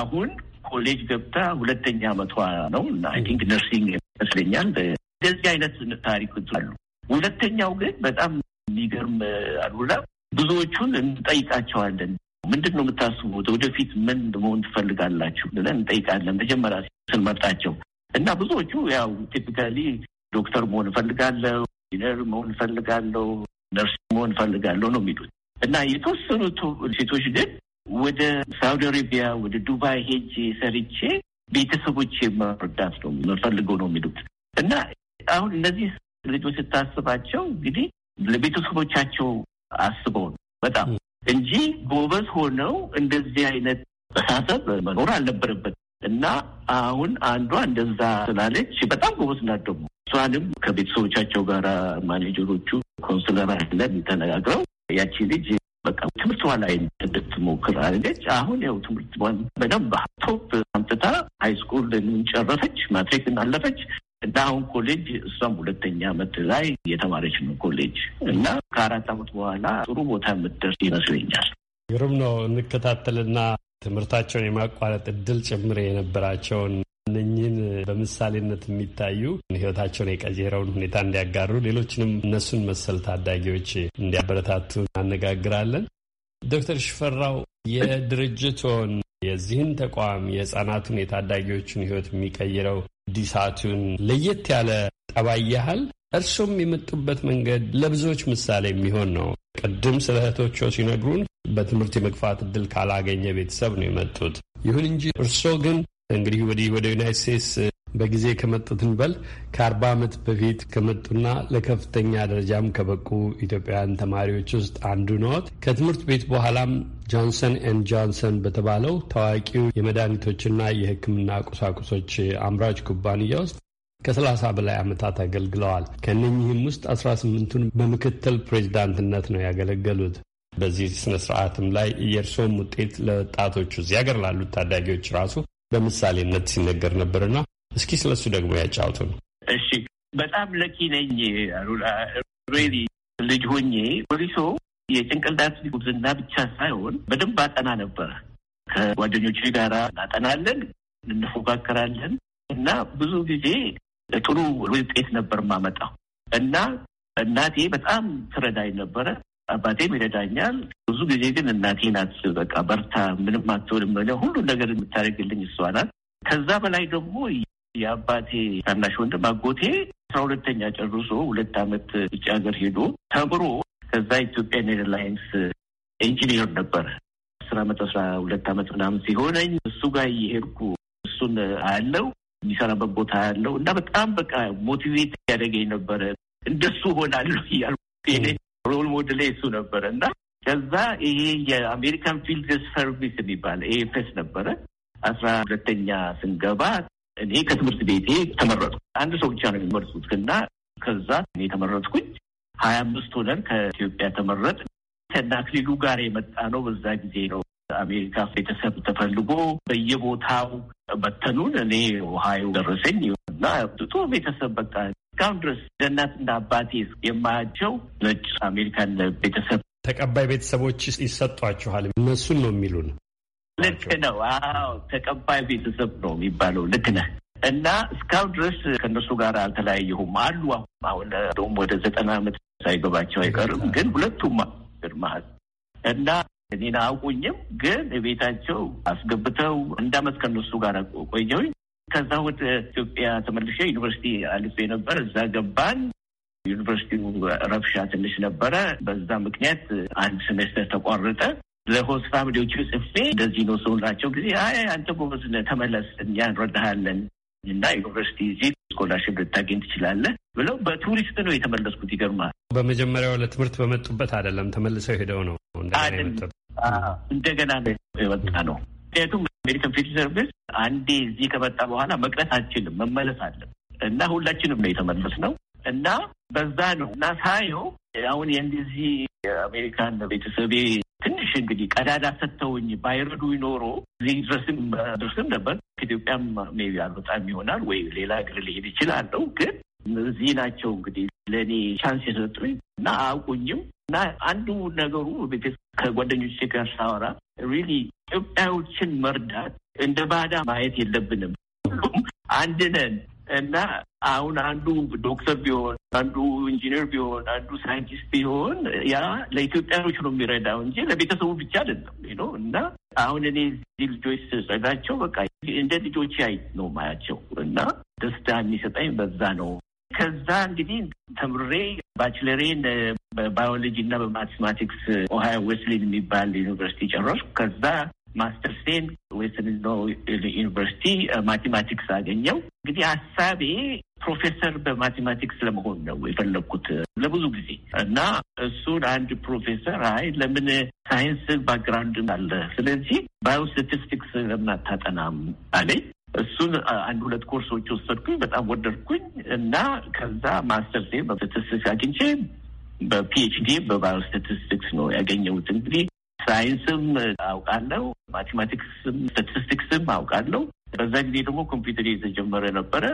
አሁን ኮሌጅ ገብታ ሁለተኛ ዓመቷ ነው እና አይ ቲንክ ነርሲንግ ይመስለኛል። እንደዚህ አይነት ታሪክ አሉ። ሁለተኛው ግን በጣም የሚገርም አሉላ ብዙዎቹን እንጠይቃቸዋለን። ምንድን ነው የምታስቡት? ወደፊት ምን መሆን ትፈልጋላችሁ ብለን እንጠይቃለን። መጀመሪያ ስንመርጣቸው እና ብዙዎቹ ያው ቲፒካሊ ዶክተር መሆን እፈልጋለሁ፣ ኢንጂነር መሆን እፈልጋለሁ፣ ነርስ መሆን እፈልጋለሁ ነው የሚሉት እና የተወሰኑት ሴቶች ግን ወደ ሳውዲ አረቢያ ወደ ዱባይ ሄጄ ሰርቼ ቤተሰቦቼ መርዳት ነው የምፈልገው ነው የሚሉት እና አሁን እነዚህ ልጆች ስታስባቸው እንግዲህ ለቤተሰቦቻቸው አስበው ነው በጣም እንጂ ጎበዝ ሆነው እንደዚህ አይነት አስተሳሰብ መኖር አልነበረበት እና አሁን አንዷ እንደዛ ስላለች በጣም ጎበዝ ናት ደግሞ እሷንም ከቤተሰቦቻቸው ጋር ማኔጀሮቹ ኮንስለር ተነጋግረው ያቺ ልጅ በቃ ትምህርቷ ላይ እንድትሞክር አድርገች። አሁን ያው ትምህርት በደንብ ቶፕ አምጥታ ሃይስኩል ጨረሰች፣ ማትሪክ እናለፈች እና አሁን ኮሌጅ እሷም ሁለተኛ አመት ላይ የተማረች ነው ኮሌጅ እና ከአራት አመት በኋላ ጥሩ ቦታ የምትደርስ ይመስለኛል። ግሩም ነው። እንከታተልና ትምህርታቸውን የማቋረጥ እድል ጭምር የነበራቸውን እነኝህን በምሳሌነት የሚታዩ ህይወታቸውን የቀየረውን ሁኔታ እንዲያጋሩ ሌሎችንም እነሱን መሰል ታዳጊዎች እንዲያበረታቱ እናነጋግራለን። ዶክተር ሽፈራው የድርጅቶን የዚህን ተቋም የህፃናቱን የታዳጊዎችን ህይወት የሚቀይረው ዲሳቱን ለየት ያለ ጠባይ ያህል እርሱም የመጡበት መንገድ ለብዙዎች ምሳሌ የሚሆን ነው። ቅድም ስለ እህቶችዎ ሲነግሩን በትምህርት የመግፋት እድል ካላገኘ ቤተሰብ ነው የመጡት። ይሁን እንጂ እርስዎ ግን እንግዲህ ወዲህ ወደ ዩናይት ስቴትስ በጊዜ ከመጡትን በል ከአርባ ዓመት በፊት ከመጡና ለከፍተኛ ደረጃም ከበቁ ኢትዮጵያውያን ተማሪዎች ውስጥ አንዱ ነዎት። ከትምህርት ቤት በኋላም ጆንሰን ኤንድ ጆንሰን በተባለው ታዋቂው የመድኃኒቶችና የሕክምና ቁሳቁሶች አምራች ኩባንያ ውስጥ ከሰላሳ በላይ ዓመታት አገልግለዋል። ከእነኚህም ውስጥ አስራ ስምንቱን በምክትል ፕሬዚዳንትነት ነው ያገለገሉት። በዚህ ስነ ስርዓትም ላይ የእርስዎም ውጤት ለወጣቶቹ እዚህ ሀገር ላሉት ታዳጊዎች ራሱ በምሳሌነት ሲነገር ነበርና እስኪ ስለሱ ደግሞ ነው። እሺ፣ በጣም ለኪ ነኝ አሉላ። ሬሊ ልጅ ሆኜ ፖሊሶ የጭንቅላት ጉብዝና ብቻ ሳይሆን በደንብ አጠና ነበረ። ከጓደኞች ጋር እናጠናለን፣ እንፎካከራለን እና ብዙ ጊዜ ጥሩ ውጤት ነበር የማመጣው እና እናቴ በጣም ትረዳኝ ነበረ። አባቴም ይረዳኛል። ብዙ ጊዜ ግን እናቴ ናት። በቃ በርታ፣ ምንም አትሆንም፣ ሁሉ ነገር የምታደርግልኝ እሷ ናት። ከዛ በላይ ደግሞ የአባቴ ታናሽ ወንድም አጎቴ አስራ ሁለተኛ ጨርሶ ሁለት ዓመት ውጭ ሀገር ሄዶ ተምሮ ከዛ ኢትዮጵያን ኤርላይንስ ኢንጂኒየር ነበር። አስር ዓመት አስራ ሁለት ዓመት ምናምን ሲሆነኝ እሱ ጋር እየሄድኩ እሱን አያለው የሚሰራበት ቦታ ያለው እና በጣም በቃ ሞቲቬት ያደገኝ ነበረ። እንደሱ ሆናለሁ እያልኩ ሮል ሞዴል እሱ ነበረ እና ከዛ ይሄ የአሜሪካን ፊልድ ሰርቪስ የሚባል ኤኤፍኤስ ነበረ። አስራ ሁለተኛ ስንገባ እኔ ከትምህርት ቤቴ ተመረጥኩ። አንድ ሰው ብቻ ነው የሚመርጡት እና ከዛ እኔ ተመረጥኩኝ። ሀያ አምስት ሆነን ከኢትዮጵያ ተመረጥ ከና ክሊሉ ጋር የመጣ ነው። በዛ ጊዜ ነው አሜሪካ ቤተሰብ ተፈልጎ በየቦታው በተኑን። እኔ ውሃዩ ደረሰኝ እና ብጡ ቤተሰብ በቃ እስካሁን ድረስ እንደናት እንደ አባቴ የማያቸው ነጭ አሜሪካን ቤተሰብ ተቀባይ ቤተሰቦች ይሰጧችኋል። እነሱን ነው የሚሉን። ልክ ነው። አዎ ተቀባይ ቤተሰብ ነው የሚባለው። ልክ ነህ። እና እስካሁን ድረስ ከእነሱ ጋር አልተለያየሁም። አሉ አሁን አሁን ደም ወደ ዘጠና ዓመት ሳይገባቸው አይቀርም። ግን ሁለቱም ግርማል እና እኔን አያውቁኝም። ግን ቤታቸው አስገብተው እንዳመት ከእነሱ ጋር ቆየሁኝ። ከዛ ወደ ኢትዮጵያ ተመልሼ ዩኒቨርሲቲ አልፌ ነበር። እዛ ገባን። ዩኒቨርሲቲው ረብሻ ትንሽ ነበረ። በዛ ምክንያት አንድ ሴሜስተር ተቋረጠ። ለሆስ ፋሚሊዎቹ ጽፌ እንደዚህ ነው ሰው ናቸው ጊዜ አይ አንተ ጎበዝ ተመለስ፣ እኛ እንረዳሃለን እና ዩኒቨርሲቲ እዚህ ስኮላርሽፕ ልታገኝ ትችላለህ ብለው በቱሪስት ነው የተመለስኩት። ይገርማል። በመጀመሪያው ለትምህርት በመጡበት አይደለም ተመልሰው ሄደው ነው እንደገና የወጣ ነው ምክንያቱም አሜሪካን ፊት ሰርቪስ አንዴ እዚህ ከመጣ በኋላ መቅረት አልችልም፣ መመለስ አለም እና ሁላችንም ነው የተመለስ ነው እና በዛ ነው እና ሳየው አሁን የእንደዚህ የአሜሪካን ቤተሰቤ ትንሽ እንግዲህ ቀዳዳ ሰጥተውኝ ባይረዱ ይኖሮ እዚህ ድረስም ድርስም ነበር። ከኢትዮጵያም ሜቢ አልወጣም ይሆናል ወይ ሌላ እግር ሊሄድ ይችላለው። ግን እዚህ ናቸው እንግዲህ ለእኔ ቻንስ የሰጡኝ እና አያውቁኝም እና አንዱ ነገሩ ቤተሰብ ከጓደኞች ጋር ሳወራ ሪሊ ኢትዮጵያዎችን መርዳት እንደ ባዳ ማየት የለብንም። ሁሉም አንድ ነን እና አሁን አንዱ ዶክተር ቢሆን አንዱ ኢንጂነር ቢሆን አንዱ ሳይንቲስት ቢሆን ያ ለኢትዮጵያኖች ነው የሚረዳው እንጂ ለቤተሰቡ ብቻ አይደለም ነው እና አሁን እኔ እዚህ ልጆች ጸጋቸው በቃ እንደ ልጆች አይ ነው ማያቸው እና ደስታ የሚሰጠኝ በዛ ነው። ከዛ እንግዲህ ተምሬ ባችለሬን በባዮሎጂ እና በማቴማቲክስ ኦሃዮ ዌስሊን የሚባል ዩኒቨርሲቲ ጨረስኩ። ከዛ ማስተርሴን ዌስሊን ዩኒቨርሲቲ ማቴማቲክስ አገኘው። እንግዲህ ሀሳቤ ፕሮፌሰር በማቴማቲክስ ለመሆን ነው የፈለግኩት ለብዙ ጊዜ እና እሱን አንድ ፕሮፌሰር አይ ለምን ሳይንስ ባክግራውንድ አለ፣ ስለዚህ ባዮስታቲስቲክስ ለምን አታጠናም አለኝ። እሱን አንድ ሁለት ኮርሶች ወሰድኩኝ። በጣም ወደድኩኝ እና ከዛ ማስተርሴ በስታቲስቲክስ አግኝቼ በፒኤችዲ በባዮስታቲስቲክስ ነው ያገኘሁት። እንግዲህ ሳይንስም አውቃለሁ፣ ማቴማቲክስም ስታቲስቲክስም አውቃለሁ። በዛ ጊዜ ደግሞ ኮምፒውተር የተጀመረ ነበረ።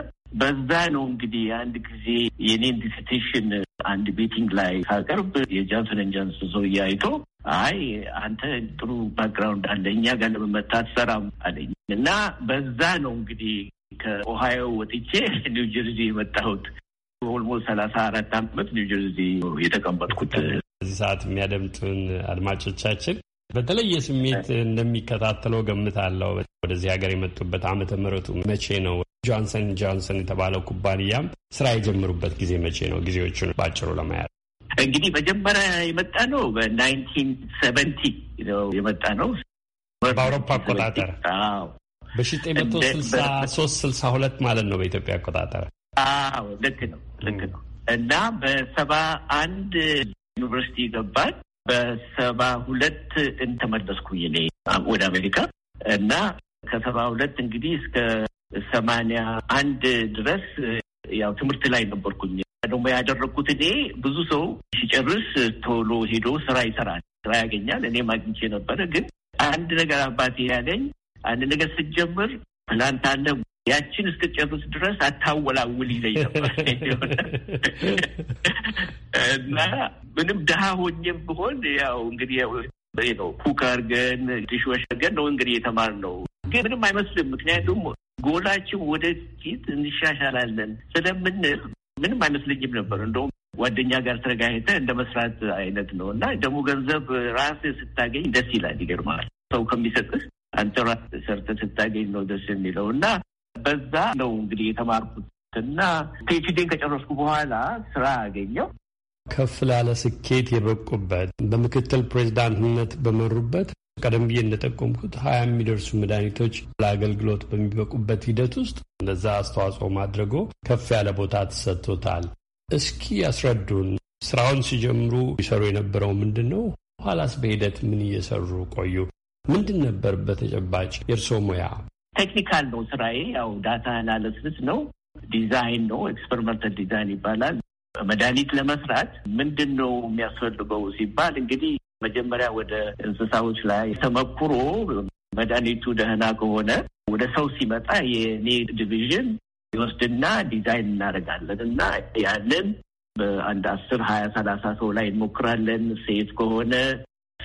በዛ ነው እንግዲህ አንድ ጊዜ የኔን ዲስቴሽን አንድ ቤቲንግ ላይ ሳቀርብ የጃንሰን ጃንሰን ሰው አይቶ አይ አንተ ጥሩ ባክግራውንድ አለ እኛ ጋር ለመመታ ሰራም አለኝ እና በዛ ነው እንግዲህ ከኦሃዮ ወጥቼ ኒውጀርዚ የመጣሁት ኦልሞስት ሰላሳ አራት አመት ኒውጀርዚ የተቀመጥኩት በዚህ ሰዓት የሚያደምጡን አድማጮቻችን በተለየ ስሜት እንደሚከታተለው ገምታለሁ። ወደዚህ ሀገር የመጡበት ዓመተ ምሕረቱ መቼ ነው? ጆንሰን ጆንሰን የተባለው ኩባንያም ስራ የጀመሩበት ጊዜ መቼ ነው? ጊዜዎቹን ባጭሩ ለመያዝ እንግዲህ መጀመሪያ የመጣ ነው በናይንቲን ሰቨንቲ ነው የመጣ ነው በአውሮፓ አቆጣጠር በሺህ ዘጠኝ መቶ ስልሳ ሶስት ስልሳ ሁለት ማለት ነው በኢትዮጵያ አቆጣጠር። ልክ ነው ልክ ነው። እና በሰባ አንድ ዩኒቨርሲቲ ገባን። በሰባ ሁለት እንተመለስኩኝ እኔ ወደ አሜሪካ እና ከሰባ ሁለት እንግዲህ እስከ ሰማንያ አንድ ድረስ ያው ትምህርት ላይ ነበርኩኝ። ደግሞ ያደረግኩት እኔ ብዙ ሰው ሲጨርስ ቶሎ ሄዶ ስራ ይሰራል፣ ስራ ያገኛል። እኔ ማግኝቼ ነበረ። ግን አንድ ነገር አባቴ ያለኝ አንድ ነገር ስትጀምር ፕላንት አለ ያችን እስክጨርስ ድረስ አታወላውል ይዘኝ ነበር እና ምንም ድሀ ሆኜም ብሆን ያው እንግዲህ ነው ኩከር ግን ድሽወሽ ግን ነው እንግዲህ የተማርነው። ግን ምንም አይመስልም። ምክንያቱም ጎላችን ወደፊት እንሻሻላለን ስለምንል ምንም አይመስለኝም ነበር። እንደውም ጓደኛ ጋር ተረጋግተህ እንደ መስራት አይነት ነው እና ደግሞ ገንዘብ ራስህ ስታገኝ ደስ ይላል። ይገርማል። ሰው ከሚሰጥህ አንተ ራስህ ሰርተህ ስታገኝ ነው ደስ የሚለው እና በዛ ነው እንግዲህ የተማርኩት እና ፒኤችዲን ከጨረስኩ በኋላ ስራ ያገኘው ከፍ ላለ ስኬት የበቁበት በምክትል ፕሬዚዳንትነት በመሩበት ቀደም ብዬ እንደጠቆምኩት ሀያ የሚደርሱ መድኃኒቶች ለአገልግሎት በሚበቁበት ሂደት ውስጥ እንደዛ አስተዋጽኦ ማድረጎ ከፍ ያለ ቦታ ተሰጥቶታል። እስኪ ያስረዱን። ስራውን ሲጀምሩ ይሰሩ የነበረው ምንድን ነው? ኋላስ በሂደት ምን እየሰሩ ቆዩ? ምንድን ነበር በተጨባጭ የእርስዎ ሙያ? ቴክኒካል ነው ስራዬ። ያው ዳታ አናለስስ ነው፣ ዲዛይን ነው፣ ኤክስፐሪመንታል ዲዛይን ይባላል። መድኃኒት ለመስራት ምንድን ነው የሚያስፈልገው ሲባል እንግዲህ መጀመሪያ ወደ እንስሳዎች ላይ ተመኩሮ መድኃኒቱ ደህና ከሆነ ወደ ሰው ሲመጣ የኔ ዲቪዥን ይወስድና ዲዛይን እናደርጋለን እና ያንን በአንድ አስር ሀያ ሰላሳ ሰው ላይ እንሞክራለን። ሴት ከሆነ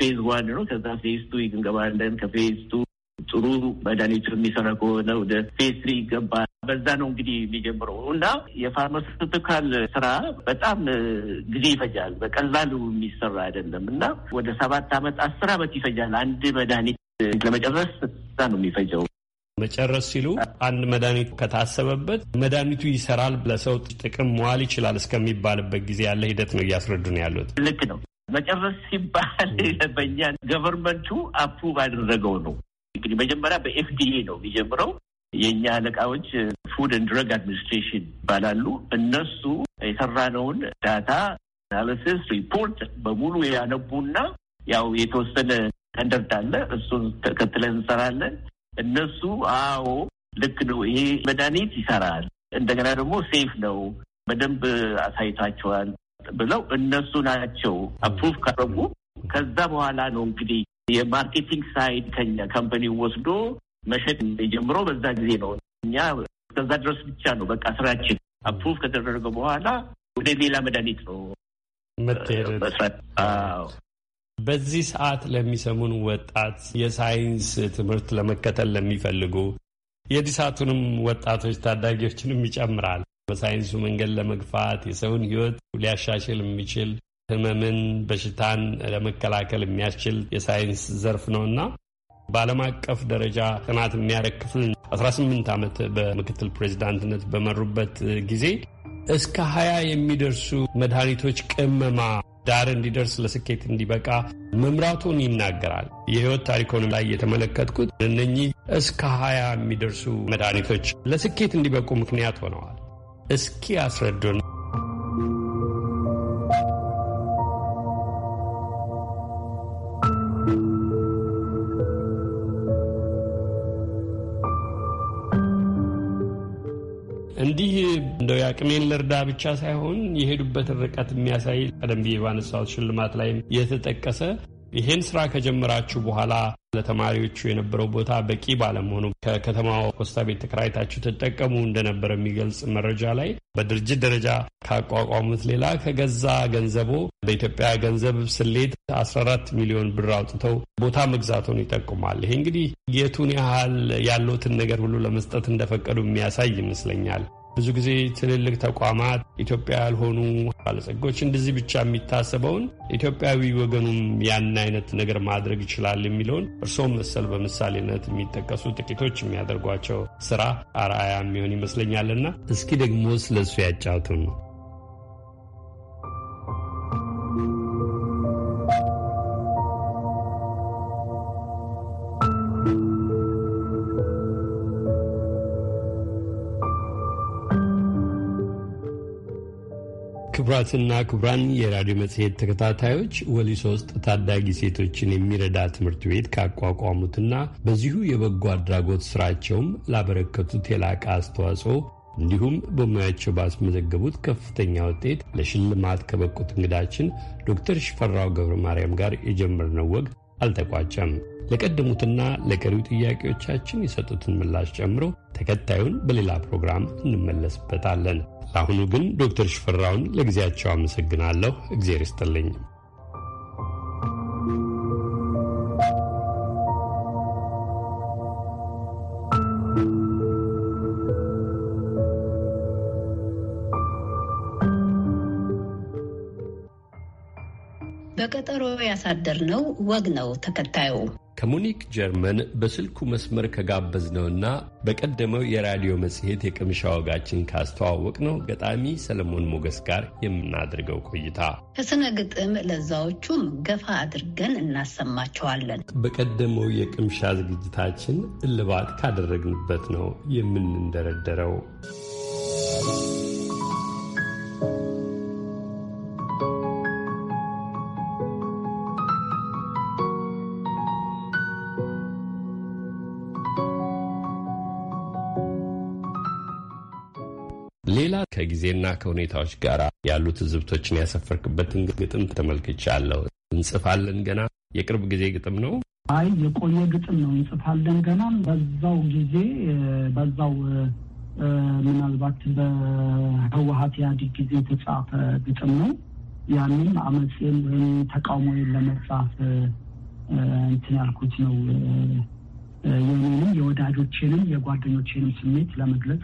ፌዝ ዋን ነው። ከዛ ፌዝ ቱ እንገባለን። ከፌዝ ቱ ጥሩ መድኃኒቱ የሚሰራ ከሆነ ወደ ፌስሪ ይገባል። በዛ ነው እንግዲህ የሚጀምረው እና የፋርማሲውቲካል ስራ በጣም ጊዜ ይፈጃል። በቀላሉ የሚሰራ አይደለም እና ወደ ሰባት አመት አስር ዓመት ይፈጃል አንድ መድኃኒት ለመጨረስ። ዛ ነው የሚፈጀው መጨረስ ሲሉ አንድ መድኃኒት ከታሰበበት መድኃኒቱ ይሰራል ለሰው ጥቅም መዋል ይችላል እስከሚባልበት ጊዜ ያለ ሂደት ነው እያስረዱ ነው ያሉት። ልክ ነው። መጨረስ ሲባል በእኛ ገቨርንመንቱ አፕሩቭ አደረገው ነው እንግዲህ መጀመሪያ በኤፍዲኤ ነው የሚጀምረው። የእኛ አለቃዎች ፉድ ን ድረግ አድሚኒስትሬሽን ይባላሉ። እነሱ የሰራነውን ዳታ አናሊሲስ ሪፖርት በሙሉ ያነቡና ያው የተወሰነ ስታንደርድ አለ፣ እሱን ተከትለን እንሰራለን። እነሱ አዎ ልክ ነው፣ ይሄ መድኃኒት ይሰራል፣ እንደገና ደግሞ ሴፍ ነው፣ በደንብ አሳይቷቸዋል ብለው እነሱ ናቸው አፕሩቭ ካረጉ። ከዛ በኋላ ነው እንግዲህ የማርኬቲንግ ሳይድ ከኛ ካምፓኒ ወስዶ መሸጥ የጀምረው በዛ ጊዜ ነው። እኛ እስከዛ ድረስ ብቻ ነው በቃ ስራችን አፕሩቭ ከተደረገ በኋላ ወደ ሌላ መድኃኒት ነው መትሄድ። በዚህ ሰዓት ለሚሰሙን ወጣት የሳይንስ ትምህርት ለመከተል ለሚፈልጉ የዲሳቱንም ወጣቶች ታዳጊዎችንም ይጨምራል በሳይንሱ መንገድ ለመግፋት የሰውን ሕይወት ሊያሻሽል የሚችል ህመምን፣ በሽታን ለመከላከል የሚያስችል የሳይንስ ዘርፍ ነውና በዓለም አቀፍ ደረጃ ጥናት የሚያደርግ ክፍል 18 ዓመት በምክትል ፕሬዚዳንትነት በመሩበት ጊዜ እስከ 20 የሚደርሱ መድኃኒቶች ቅመማ ዳር እንዲደርስ ለስኬት እንዲበቃ መምራቱን ይናገራል። የህይወት ታሪኮን ላይ የተመለከትኩት እነኚህ እስከ 20 የሚደርሱ መድኃኒቶች ለስኬት እንዲበቁ ምክንያት ሆነዋል። እስኪ አስረዱን ጥቅሜን ልርዳ ብቻ ሳይሆን የሄዱበትን ርቀት የሚያሳይ ቀደም ብዬ ባነሳሁት ሽልማት ላይም የተጠቀሰ ይህን ስራ ከጀመራችሁ በኋላ ለተማሪዎቹ የነበረው ቦታ በቂ ባለመሆኑ ከከተማ ፖስታ ቤት ተከራይታችሁ ተጠቀሙ እንደነበረ የሚገልጽ መረጃ ላይ በድርጅት ደረጃ ካቋቋሙት ሌላ ከገዛ ገንዘቦ በኢትዮጵያ ገንዘብ ስሌት 14 ሚሊዮን ብር አውጥተው ቦታ መግዛቱን ይጠቁማል። ይሄ እንግዲህ የቱን ያህል ያለትን ነገር ሁሉ ለመስጠት እንደፈቀዱ የሚያሳይ ይመስለኛል። ብዙ ጊዜ ትልልቅ ተቋማት ኢትዮጵያ ያልሆኑ ባለጸጎች እንደዚህ ብቻ የሚታሰበውን ኢትዮጵያዊ ወገኑም ያን አይነት ነገር ማድረግ ይችላል የሚለውን እርስዎም መሰል በምሳሌነት የሚጠቀሱ ጥቂቶች የሚያደርጓቸው ስራ አርአያ የሚሆን ይመስለኛልና እስኪ ደግሞ ስለሱ ያጫውቱን ነው። ክቡራትና ክቡራን የራዲዮ መጽሔት ተከታታዮች ወሊሶ ውስጥ ታዳጊ ሴቶችን የሚረዳ ትምህርት ቤት ካቋቋሙትና በዚሁ የበጎ አድራጎት ስራቸውም ላበረከቱት የላቀ አስተዋጽኦ እንዲሁም በሙያቸው ባስመዘገቡት ከፍተኛ ውጤት ለሽልማት ከበቁት እንግዳችን ዶክተር ሽፈራው ገብረ ማርያም ጋር የጀመርነው ወግ አልተቋጨም። ለቀደሙትና ለቀሪው ጥያቄዎቻችን የሰጡትን ምላሽ ጨምሮ ተከታዩን በሌላ ፕሮግራም እንመለስበታለን። ለአሁኑ ግን ዶክተር ሽፈራውን ለጊዜያቸው አመሰግናለሁ። እግዜር ይስጥልኝ። በቀጠሮ ነው ወግ ነው ተከታዩ ከሙኒክ ጀርመን በስልኩ መስመር ከጋበዝነውና በቀደመው የራዲዮ መጽሔት የቅምሻ ወጋችን ነው ገጣሚ ሰለሞን ሞገስ ጋር የምናደርገው ቆይታ ከስነ ግጥም ለዛዎቹም ገፋ አድርገን እናሰማቸዋለን። በቀደመው የቅምሻ ዝግጅታችን እልባት ካደረግንበት ነው የምንንደረደረው። ጊዜና ከሁኔታዎች ጋር ያሉ ትዝብቶችን ያሰፈርክበትን ግጥም ተመልክቻለሁ። እንጽፋለን ገና የቅርብ ጊዜ ግጥም ነው? አይ የቆየ ግጥም ነው። እንጽፋለን ገና በዛው ጊዜ በዛው ምናልባት በህወሀት ኢህአዴግ ጊዜ የተጻፈ ግጥም ነው። ያንን አመፄን ወይም ተቃውሞዬን ለመጻፍ እንትን ያልኩት ነው። የኔንም የወዳጆቼንም የጓደኞቼንም ስሜት ለመግለጽ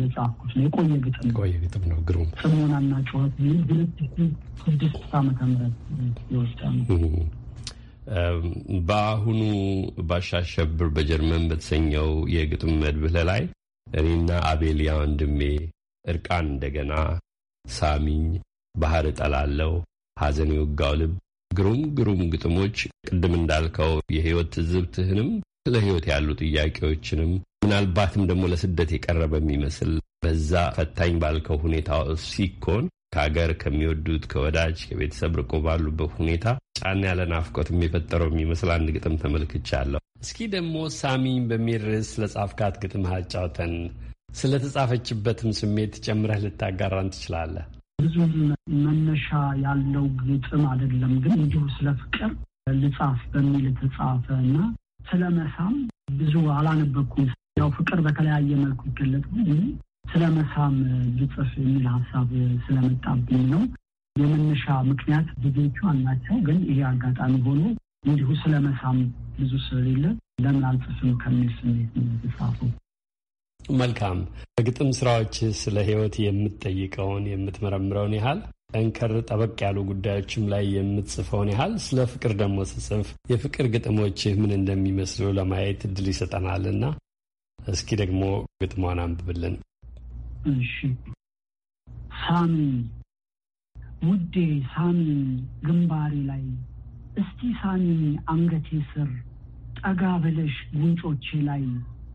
የጻፍኩት ነው። የቆየ ግጥም ነው። ቆየ ግጥም ነው። ግሩም ሰሞናና ጩኸት ሁለት ሺ ስድስት ዓመተ ምህረት የወጣ ነው። በአሁኑ ባሻሸብር በጀርመን በተሰኘው የግጥም መድብለ ላይ እኔና አቤልያ ወንድሜ፣ እርቃን እንደገና፣ ሳሚኝ፣ ባህር እጠላለው፣ ሐዘን የወጋው ልብ ግሩም ግሩም ግጥሞች ቅድም እንዳልከው የህይወት ትዝብትህንም ለህይወት ያሉ ጥያቄዎችንም ምናልባትም ደግሞ ለስደት የቀረበ የሚመስል በዛ ፈታኝ ባልከው ሁኔታ ሲኮን ከሀገር ከሚወዱት ከወዳጅ ከቤተሰብ ርቆ ባሉበት ሁኔታ ጫና ያለ ናፍቆት የፈጠረው የሚመስል አንድ ግጥም ተመልክቻለሁ። እስኪ ደግሞ ሳሚኝ በሚል ርዕስ ለጻፍካት ግጥም አጫውተን፣ ስለተጻፈችበትም ስሜት ጨምረህ ልታጋራን ትችላለህ። ብዙም መነሻ ያለው ግጥም አይደለም፣ ግን እንዲሁ ስለ ፍቅር ልጻፍ በሚል የተጻፈ እና ስለ መሳም ብዙ አላነበኩም። ያው ፍቅር በተለያየ መልኩ ይገለጣል። ስለ መሳም ልጽፍ የሚል ሀሳብ ስለመጣብኝ ነው። የመነሻ ምክንያት ብዙዎቹ አናቸው ግን ይሄ አጋጣሚ ሆኖ እንዲሁ ስለ መሳም ብዙ ስለሌለ ለምን አልጽፍም ከሚል ስሜት ነው የተጻፈው። መልካም። በግጥም ስራዎች ስለ ህይወት የምትጠይቀውን የምትመረምረውን ያህል ጠንከር ጠበቅ ያሉ ጉዳዮችም ላይ የምትጽፈውን ያህል ስለ ፍቅር ደግሞ ስጽፍ የፍቅር ግጥሞችህ ምን እንደሚመስሉ ለማየት እድል እና እስኪ ደግሞ ግጥሟን አንብብልን። እሺ ሳሚ ውዴ ሳሚ ግንባሬ ላይ እስቲ ሳሚ አንገቴ ስር ጠጋ ብለሽ ጉንጮቼ ላይ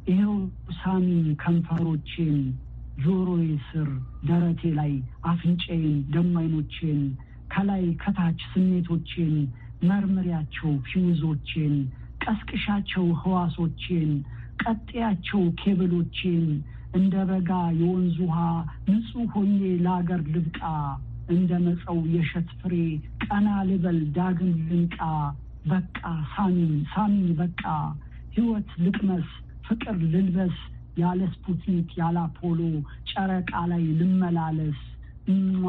ይኸው ሳሚ ከንፈሮቼን ጆሮዬ ስር ደረቴ ላይ አፍንጬን ደማይኖቼን ከላይ ከታች ስሜቶቼን መርምሪያቸው ፊውዞቼን ቀስቅሻቸው ህዋሶቼን ቀጤያቸው ኬብሎችን እንደ በጋ የወንዝ ውሃ ንጹህ ሆኜ ለአገር ልብቃ፣ እንደ መጸው የሸት ፍሬ ቀና ልበል ዳግም ልንቃ። በቃ ሳሚን ሳሚኝ በቃ ህይወት ልቅመስ ፍቅር ልልበስ ያለ ስፑትኒክ ያለ አፖሎ ጨረቃ ላይ ልመላለስ። እማ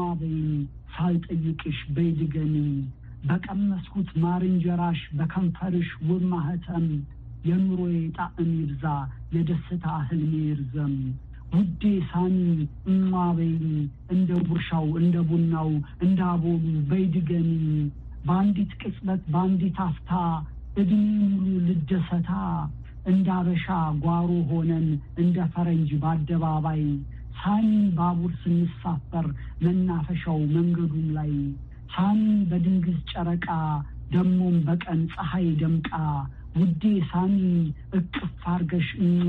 ሳልጠይቅሽ በይድገኒ በቀመስኩት ማር እንጀራሽ በከንፈርሽ ውብ ማህተም የኑሮ ጣዕም ይብዛ፣ የደስታ ህልሜ ይርዘም ውዴ ሳኒ እማበይኝ እንደ ጉርሻው እንደ ቡናው እንደ አቦሉ በይድገኒ በአንዲት ቅጽበት በአንዲት አፍታ እድሜ ሙሉ ልደሰታ እንደ አበሻ ጓሮ ሆነን እንደ ፈረንጅ በአደባባይ ሳኒ ባቡር ስንሳፈር መናፈሻው መንገዱም ላይ ሳኒ በድንግዝ ጨረቃ ደሞም በቀን ፀሐይ ደምቃ ውዴ ሳሚ እቅፍ አርገሽ እሟ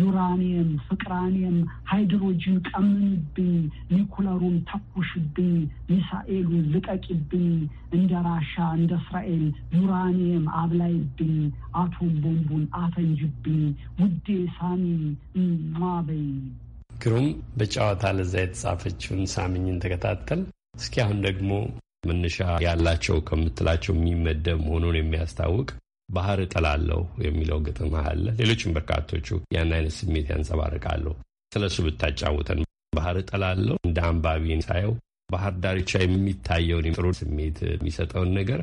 ዩራኒየም፣ ፍቅራኒየም፣ ሃይድሮጅን ቀምንብኝ ኒኩለሩን ተኩሽብኝ፣ ሚሳኤሉን ልቀቂብኝ፣ እንደ ራሻ እንደ እስራኤል ዩራኒየም አብላይብኝ፣ አቶም ቦምቡን አፈንጅብኝ፣ ውዴ ሳሚ እሟ ግሩም በጨዋታ ለዛ የተጻፈችውን ሳምኝን ተከታተል። እስኪ አሁን ደግሞ መነሻ ያላቸው ከምትላቸው የሚመደብ መሆኑን የሚያስታውቅ ባህር እጠላለሁ የሚለው ግጥም አለ። ሌሎችም በርካቶቹ ያን አይነት ስሜት ያንጸባርቃሉ። ስለሱ ብታጫውተን። ባህር እጠላለሁ እንደ አንባቢ ሳየው ባህር ዳርቻ የሚታየውን ጥሩ ስሜት የሚሰጠውን ነገር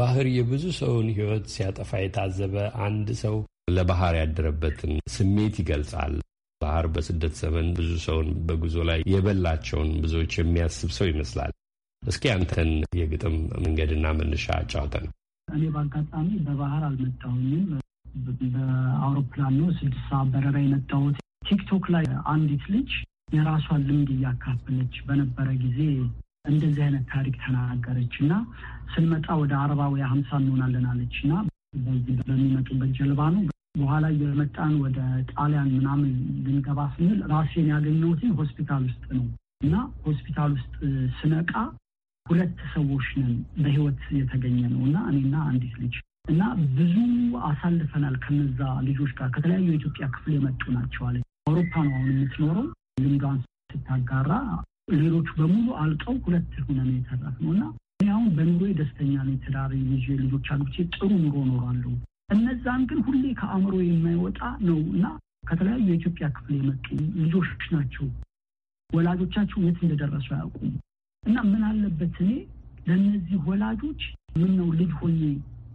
ባህር የብዙ ሰውን ሕይወት ሲያጠፋ የታዘበ አንድ ሰው ለባህር ያደረበትን ስሜት ይገልጻል። ባህር በስደት ዘመን ብዙ ሰውን በጉዞ ላይ የበላቸውን ብዙዎች የሚያስብ ሰው ይመስላል። እስኪ አንተን የግጥም መንገድና መነሻ አጫውተን። እኔ በአጋጣሚ በባህር አልመጣሁኝም። በአውሮፕላን ነው ስድስት ሰዓት በረራ የመጣሁት። ቲክቶክ ላይ አንዲት ልጅ የራሷን ልምድ እያካፈለች በነበረ ጊዜ እንደዚህ አይነት ታሪክ ተናገረች እና ስንመጣ ወደ አርባ ወይ ሀምሳ እንሆናለን አለች እና በዚህ በሚመጡበት ጀልባ ነው በኋላ የመጣን ወደ ጣሊያን ምናምን ልንገባ ስንል ራሴን ያገኘሁት ሆስፒታል ውስጥ ነው እና ሆስፒታል ውስጥ ስነቃ ሁለት ሰዎች ነን በህይወት የተገኘ ነው እና እኔና አንዲት ልጅ እና ብዙ አሳልፈናል። ከነዛ ልጆች ጋር ከተለያዩ የኢትዮጵያ ክፍል የመጡ ናቸው አለ። አውሮፓ ነው አሁን የምትኖረው። ልምዷን ስታጋራ ሌሎቹ በሙሉ አልቀው ሁለት ሆነን የተረፍ ነው እና እኔ አሁን በኑሮ ደስተኛ ነኝ። ትዳር ይዤ ልጆች አግብቼ ጥሩ ኑሮ ኖራለሁ እነዛን ግን ሁሌ ከአእምሮ የማይወጣ ነው እና ከተለያዩ የኢትዮጵያ ክፍል የመጡ ልጆች ናቸው። ወላጆቻቸው የት እንደደረሱ አያውቁም። እና ምን አለበት እኔ ለእነዚህ ወላጆች ምን ነው ልጅ ሆኜ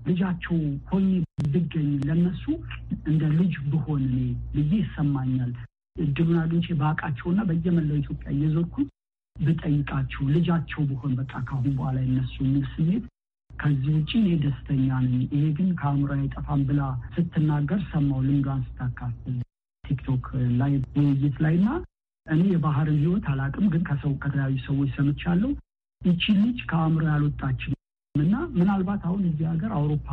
ልጃቸው ሆኜ ብገኝ ለነሱ እንደ ልጅ ብሆን እኔ ልዬ ይሰማኛል። እድሉን አግኝቼ በአቃቸውና በየመላው ኢትዮጵያ እየዞርኩኝ ብጠይቃቸው ልጃቸው ብሆን በቃ ካሁን በኋላ የነሱ የሚል ስሜት ከዚህ ውጭ እኔ ደስተኛ ነኝ። ይሄ ግን ከአእምሮ አይጠፋም ብላ ስትናገር ሰማው ልምዷን ስታካፍል ቲክቶክ ላይ ውይይት ላይ እና እኔ የባህርን ህይወት አላቅም፣ ግን ከሰው ከተለያዩ ሰዎች ሰምቻለሁ። ይቺ ልጅ ከአእምሮ ያልወጣችን እና ምናልባት አሁን እዚህ ሀገር አውሮፓ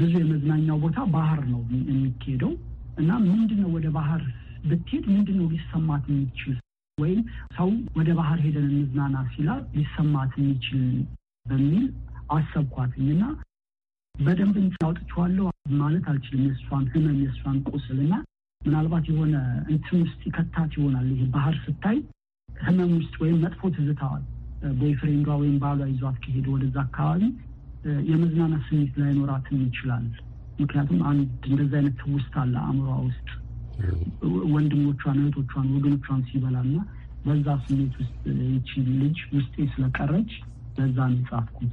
ብዙ የመዝናኛው ቦታ ባህር ነው የሚካሄደው እና ምንድነው ወደ ባህር ብትሄድ ምንድነው ሊሰማት የሚችል ወይም ሰው ወደ ባህር ሄደን እንዝናና ሲላ ሊሰማት የሚችል በሚል አሰብኳትኝ እና በደንብ አውጥቼዋለሁ ማለት አልችልም የእሷን ህመም የእሷን ቁስል ቁስልና ምናልባት የሆነ እንትን ውስጥ ይከታት ይሆናል። ይሄ ባህር ስታይ ህመም ውስጥ ወይም መጥፎ ትዝታዋል ቦይፍሬንዷ ወይም ባሏ ይዟት ከሄደ ወደዛ አካባቢ የመዝናናት ስሜት ላይኖራትም ይችላል። ምክንያቱም አንድ እንደዚ አይነት ትውስት አለ አእምሯ ውስጥ ወንድሞቿን፣ እህቶቿን፣ ወገኖቿን ሲበላና በዛ ስሜት ውስጥ ይቺ ልጅ ውስጤ ስለቀረች በዛ ነው ጻፍኩት።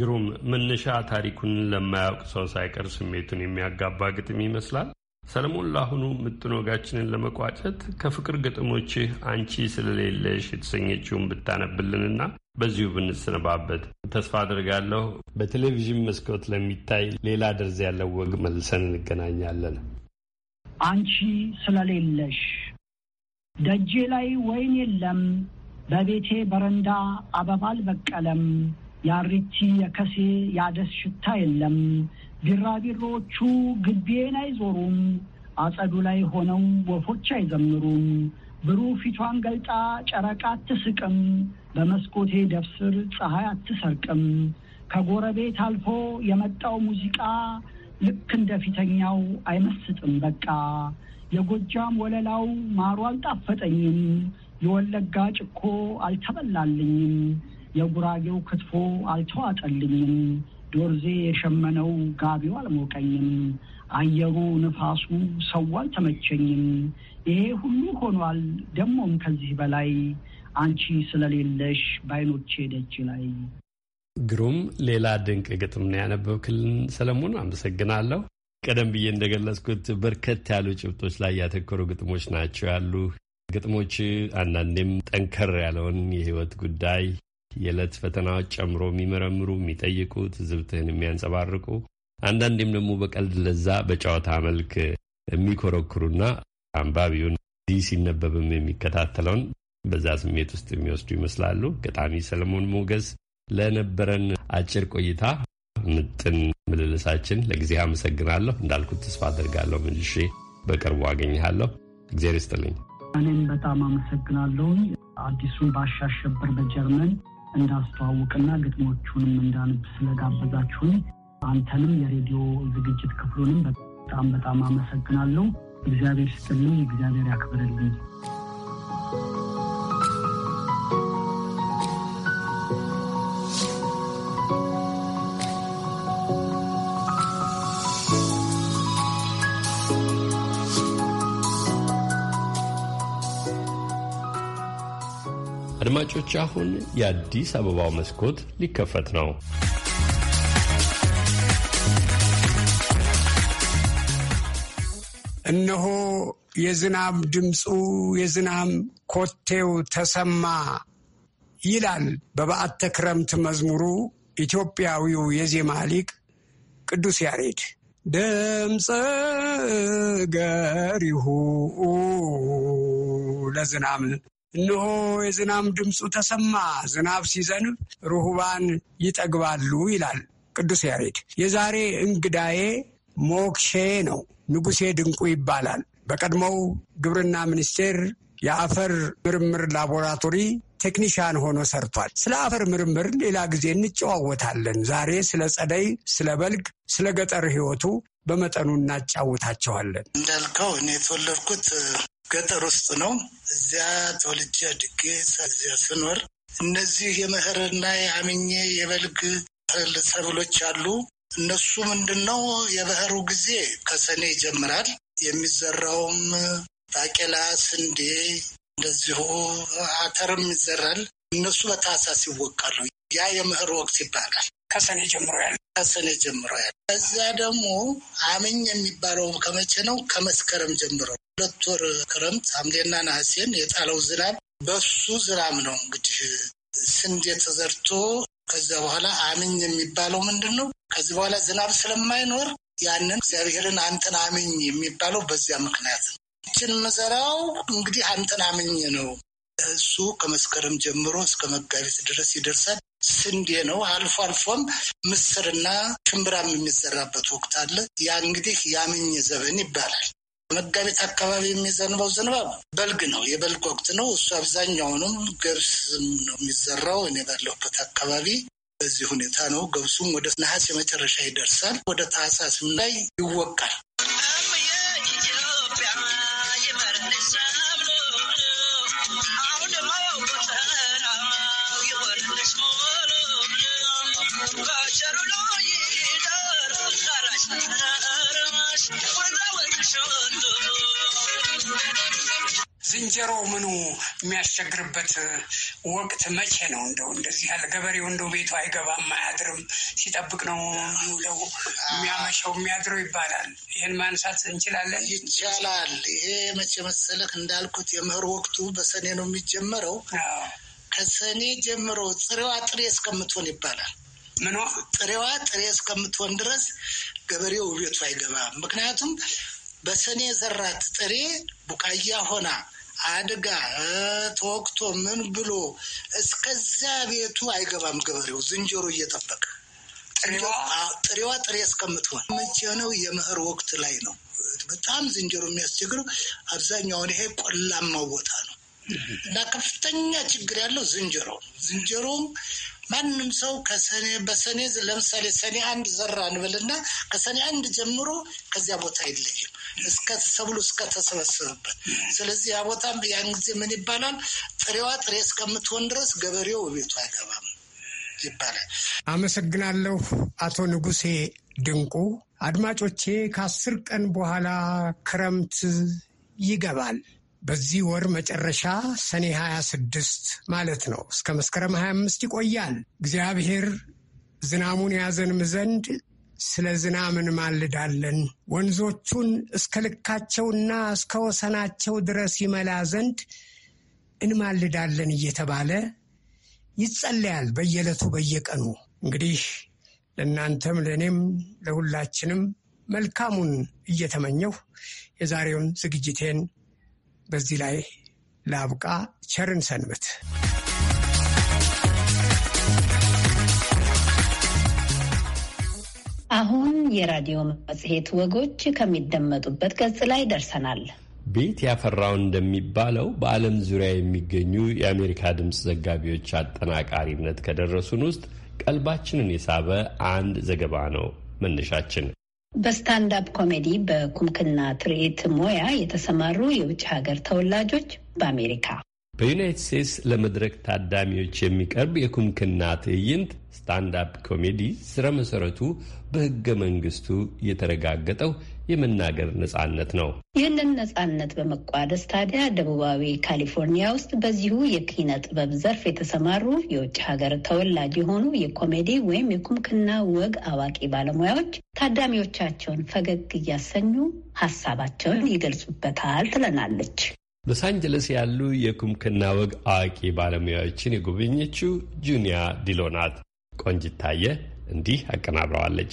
ግሩም መነሻ ታሪኩን ለማያውቅ ሰው ሳይቀር ስሜቱን የሚያጋባ ግጥም ይመስላል። ሰለሞን፣ ለአሁኑ ምጥን ወጋችንን ለመቋጨት ከፍቅር ግጥሞችህ አንቺ ስለሌለሽ የተሰኘችውን ብታነብልንና በዚሁ ብንሰነባበት ተስፋ አድርጋለሁ። በቴሌቪዥን መስኮት ለሚታይ ሌላ ደርዝ ያለው ወግ መልሰን እንገናኛለን። አንቺ ስለሌለሽ ደጄ ላይ ወይን የለም፣ በቤቴ በረንዳ አበባ አልበቀለም፣ ያሪቲ የከሴ ያደስ ሽታ የለም ቢራቢሮዎቹ ግቤን አይዞሩም፣ አጸዱ ላይ ሆነው ወፎች አይዘምሩም፣ ብሩህ ፊቷን ገልጣ ጨረቃ አትስቅም፣ በመስኮቴ ደፍስር ፀሐይ አትሰርቅም። ከጎረቤት አልፎ የመጣው ሙዚቃ ልክ እንደ ፊተኛው አይመስጥም በቃ። የጎጃም ወለላው ማሩ አልጣፈጠኝም፣ የወለጋ ጭኮ አልተበላልኝም፣ የጉራጌው ክትፎ አልተዋጠልኝም። ዶርዜ የሸመነው ጋቢው አልሞቀኝም፣ አየሩ ንፋሱ፣ ሰው አልተመቸኝም። ይሄ ሁሉ ሆኗል። ደግሞም ከዚህ በላይ አንቺ ስለሌለሽ በአይኖች ደጅ ላይ ግሩም። ሌላ ድንቅ ግጥም ነው ያነበብክልን ሰለሞን፣ አመሰግናለሁ። ቀደም ብዬ እንደገለጽኩት በርከት ያሉ ጭብጦች ላይ ያተኮሩ ግጥሞች ናቸው ያሉ ግጥሞች። አንዳንዴም ጠንከር ያለውን የህይወት ጉዳይ የዕለት ፈተናዎች ጨምሮ የሚመረምሩ የሚጠይቁ፣ ትዝብትህን የሚያንጸባርቁ አንዳንዴም ደግሞ በቀልድ ለዛ በጨዋታ መልክ የሚኮረኩሩና አንባቢውን እዚህ ሲነበብም የሚከታተለውን በዛ ስሜት ውስጥ የሚወስዱ ይመስላሉ። ገጣሚ ሰለሞን ሞገስ፣ ለነበረን አጭር ቆይታ ምጥን ምልልሳችን ለጊዜ አመሰግናለሁ። እንዳልኩት ተስፋ አድርጋለሁ መልሼ በቅርቡ አገኘሃለሁ። እግዚአብሔር ይስጥልኝ። እኔም በጣም አመሰግናለሁ አዲሱን ባሻሸብር በጀርመን እንዳስተዋውቅና ግጥሞቹንም እንዳንብ ስለጋበዛችሁን አንተንም የሬዲዮ ዝግጅት ክፍሉንም በጣም በጣም አመሰግናለሁ። እግዚአብሔር ስጥልኝ፣ እግዚአብሔር ያክብርልኝ። አድማጮች፣ አሁን የአዲስ አበባው መስኮት ሊከፈት ነው። እነሆ የዝናብ ድምፁ የዝናብ ኮቴው ተሰማ ይላል በበዓተ ክረምት መዝሙሩ ኢትዮጵያዊው የዜማ ሊቅ ቅዱስ ያሬድ። ድምፅ ገሪሁ ለዝናም እነሆ የዝናም ድምፁ ተሰማ፣ ዝናብ ሲዘንብ ሩህባን ይጠግባሉ ይላል ቅዱስ ያሬድ። የዛሬ እንግዳዬ ሞክሼ ነው። ንጉሴ ድንቁ ይባላል። በቀድሞው ግብርና ሚኒስቴር የአፈር ምርምር ላቦራቶሪ ቴክኒሽያን ሆኖ ሰርቷል። ስለ አፈር ምርምር ሌላ ጊዜ እንጨዋወታለን። ዛሬ ስለ ጸደይ፣ ስለ በልግ፣ ስለ ገጠር ሕይወቱ በመጠኑ እናጫውታቸዋለን። እንዳልከው እኔ የተወለድኩት ገጠር ውስጥ ነው። እዚያ ተወልጄ አድጌ እዚያ ስኖር እነዚህ የመኸርና የአምኜ የበልግ ሰብሎች አሉ። እነሱ ምንድን ነው የበህሩ ጊዜ ከሰኔ ይጀምራል። የሚዘራውም ባቄላ፣ ስንዴ፣ እንደዚሁ አተርም ይዘራል። እነሱ በታህሳስ ይወቃሉ። ያ የምህር ወቅት ይባላል። ከሰኔ ጀምሮ ያለ ከሰኔ ጀምሮ ያለ። እዚያ ደግሞ አምኝ የሚባለው ከመቼ ነው? ከመስከረም ጀምሮ ሁለት ወር ክረምት ሐምሌና ነሐሴን የጣለው ዝናብ በሱ ዝናብ ነው እንግዲህ ስንዴ ተዘርቶ ከዚያ በኋላ አምኝ የሚባለው ምንድን ነው? ከዚህ በኋላ ዝናብ ስለማይኖር ያንን እግዚአብሔርን አንተን አምኝ የሚባለው በዚያ ምክንያት ነው። እችን መዘራው እንግዲህ አንተን አምኝ ነው። እሱ ከመስከረም ጀምሮ እስከ መጋቢት ድረስ ይደርሳል። ስንዴ ነው። አልፎ አልፎም ምስርና ሽምብራም የሚዘራበት ወቅት አለ። ያ እንግዲህ ያምኝ ዘበን ይባላል። መጋቢት አካባቢ የሚዘንበው ዝንባብ በልግ ነው፣ የበልግ ወቅት ነው እሱ። አብዛኛውንም ገብስም ነው የሚዘራው። እኔ ባለሁበት አካባቢ በዚህ ሁኔታ ነው። ገብሱም ወደ ነሐሴ መጨረሻ ይደርሳል። ወደ ታህሳስም ላይ ይወቃል። ዝንጀሮ ምኑ የሚያስቸግርበት ወቅት መቼ ነው? እንደው እንደዚህ ያለ ገበሬው እንደው ቤቱ አይገባም፣ አያድርም፣ ሲጠብቅ ነው የሚውለው የሚያመሸው የሚያድረው ይባላል። ይህን ማንሳት እንችላለን፣ ይቻላል። ይሄ መቼ መሰለክ እንዳልኩት የምህር ወቅቱ በሰኔ ነው የሚጀመረው። ከሰኔ ጀምሮ ጥሬዋ ጥሬ እስከምትሆን ይባላል ምኗ ጥሬዋ ጥሬ እስከምትሆን ድረስ ገበሬው ቤቱ አይገባም። ምክንያቱም በሰኔ የዘራት ጥሬ ቡቃያ ሆና አድጋ ተወቅቶ ምን ብሎ እስከዛ ቤቱ አይገባም ገበሬው ዝንጀሮ እየጠበቀ ጥሬዋ ጥሬ እስከምትሆን መቼ ነው? የመኸር ወቅት ላይ ነው። በጣም ዝንጀሮ የሚያስቸግረው አብዛኛውን ይሄ ቆላማው ቦታ ነው እና ከፍተኛ ችግር ያለው ዝንጀሮ ዝንጀሮም ማንም ሰው ከሰኔ በሰኔ ለምሳሌ ሰኔ አንድ ዘራ እንበልና ከሰኔ አንድ ጀምሮ ከዚያ ቦታ አይለይም። እስከ ሰብሉ እስከተሰበሰበበት። ስለዚህ ያ ቦታም ያን ጊዜ ምን ይባላል? ጥሬዋ ጥሬ እስከምትሆን ድረስ ገበሬው ቤቱ አይገባም ይባላል። አመሰግናለሁ አቶ ንጉሴ ድንቁ። አድማጮቼ ከአስር ቀን በኋላ ክረምት ይገባል። በዚህ ወር መጨረሻ ሰኔ 26 ማለት ነው እስከ መስከረም 25 ይቆያል። እግዚአብሔር ዝናሙን ያዘንም ዘንድ ስለ ዝናብ እንማልዳለን። ወንዞቹን እስከ ልካቸውና እስከ ወሰናቸው ድረስ ይመላ ዘንድ እንማልዳለን እየተባለ ይጸለያል በየዕለቱ በየቀኑ። እንግዲህ ለእናንተም ለእኔም ለሁላችንም መልካሙን እየተመኘሁ የዛሬውን ዝግጅቴን በዚህ ላይ ላብቃ። ቸርን ሰንበት። አሁን የራዲዮ መጽሔት ወጎች ከሚደመጡበት ገጽ ላይ ደርሰናል። ቤት ያፈራው እንደሚባለው በዓለም ዙሪያ የሚገኙ የአሜሪካ ድምፅ ዘጋቢዎች አጠናቃሪነት ከደረሱን ውስጥ ቀልባችንን የሳበ አንድ ዘገባ ነው መነሻችን። በስታንዳፕ ኮሜዲ በኩምክና ትርኢት ሙያ የተሰማሩ የውጭ ሀገር ተወላጆች በአሜሪካ በዩናይትድ ስቴትስ ለመድረክ ታዳሚዎች የሚቀርብ የኩምክና ትዕይንት ስታንዳፕ ኮሜዲ ስረ መሰረቱ በሕገ መንግስቱ የተረጋገጠው የመናገር ነጻነት ነው። ይህንን ነጻነት በመቋደስ ታዲያ ደቡባዊ ካሊፎርኒያ ውስጥ በዚሁ የኪነ ጥበብ ዘርፍ የተሰማሩ የውጭ ሀገር ተወላጅ የሆኑ የኮሜዲ ወይም የኩምክና ወግ አዋቂ ባለሙያዎች ታዳሚዎቻቸውን ፈገግ እያሰኙ ሀሳባቸውን ይገልጹበታል ትለናለች። ሎስ አንጀለስ ያሉ የኩምክና ወግ አዋቂ ባለሙያዎችን የጎበኘችው ጁኒያ ዲሎ ናት። ቆንጅታየ እንዲህ አቀናብረዋለች።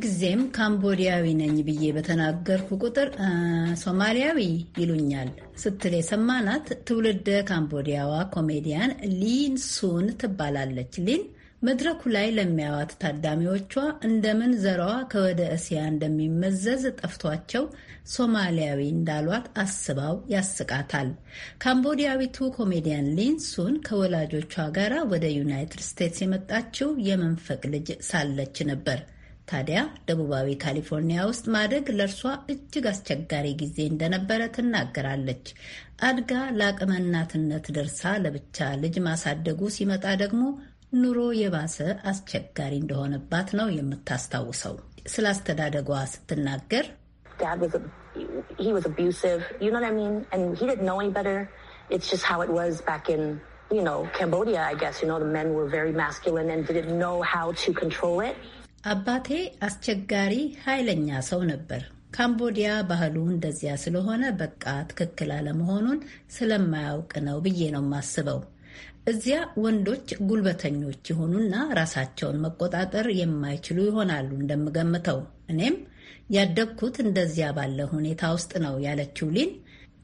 ሁልጊዜም ካምቦዲያዊ ነኝ ብዬ በተናገርኩ ቁጥር ሶማሊያዊ ይሉኛል ስትል የሰማናት ትውልደ ካምቦዲያዋ ኮሜዲያን ሊን ሱን ትባላለች። ሊን መድረኩ ላይ ለሚያዋት ታዳሚዎቿ እንደምን ዘሯ ከወደ እስያ እንደሚመዘዝ ጠፍቷቸው ሶማሊያዊ እንዳሏት አስባው ያስቃታል። ካምቦዲያዊቱ ኮሜዲያን ሊንሱን ከወላጆቿ ጋር ወደ ዩናይትድ ስቴትስ የመጣችው የመንፈቅ ልጅ ሳለች ነበር። ታዲያ ደቡባዊ ካሊፎርኒያ ውስጥ ማደግ ለእርሷ እጅግ አስቸጋሪ ጊዜ እንደነበረ ትናገራለች። አድጋ ለአቅመ እናትነት ደርሳ ለብቻ ልጅ ማሳደጉ ሲመጣ ደግሞ ኑሮ የባሰ አስቸጋሪ እንደሆነባት ነው የምታስታውሰው። ስለ አስተዳደጓ ስትናገር አባቴ አስቸጋሪ ኃይለኛ ሰው ነበር። ካምቦዲያ ባህሉ እንደዚያ ስለሆነ በቃ ትክክል አለመሆኑን ስለማያውቅ ነው ብዬ ነው የማስበው። እዚያ ወንዶች ጉልበተኞች ይሆኑና ራሳቸውን መቆጣጠር የማይችሉ ይሆናሉ እንደምገምተው። እኔም ያደግኩት እንደዚያ ባለ ሁኔታ ውስጥ ነው ያለችው ሊን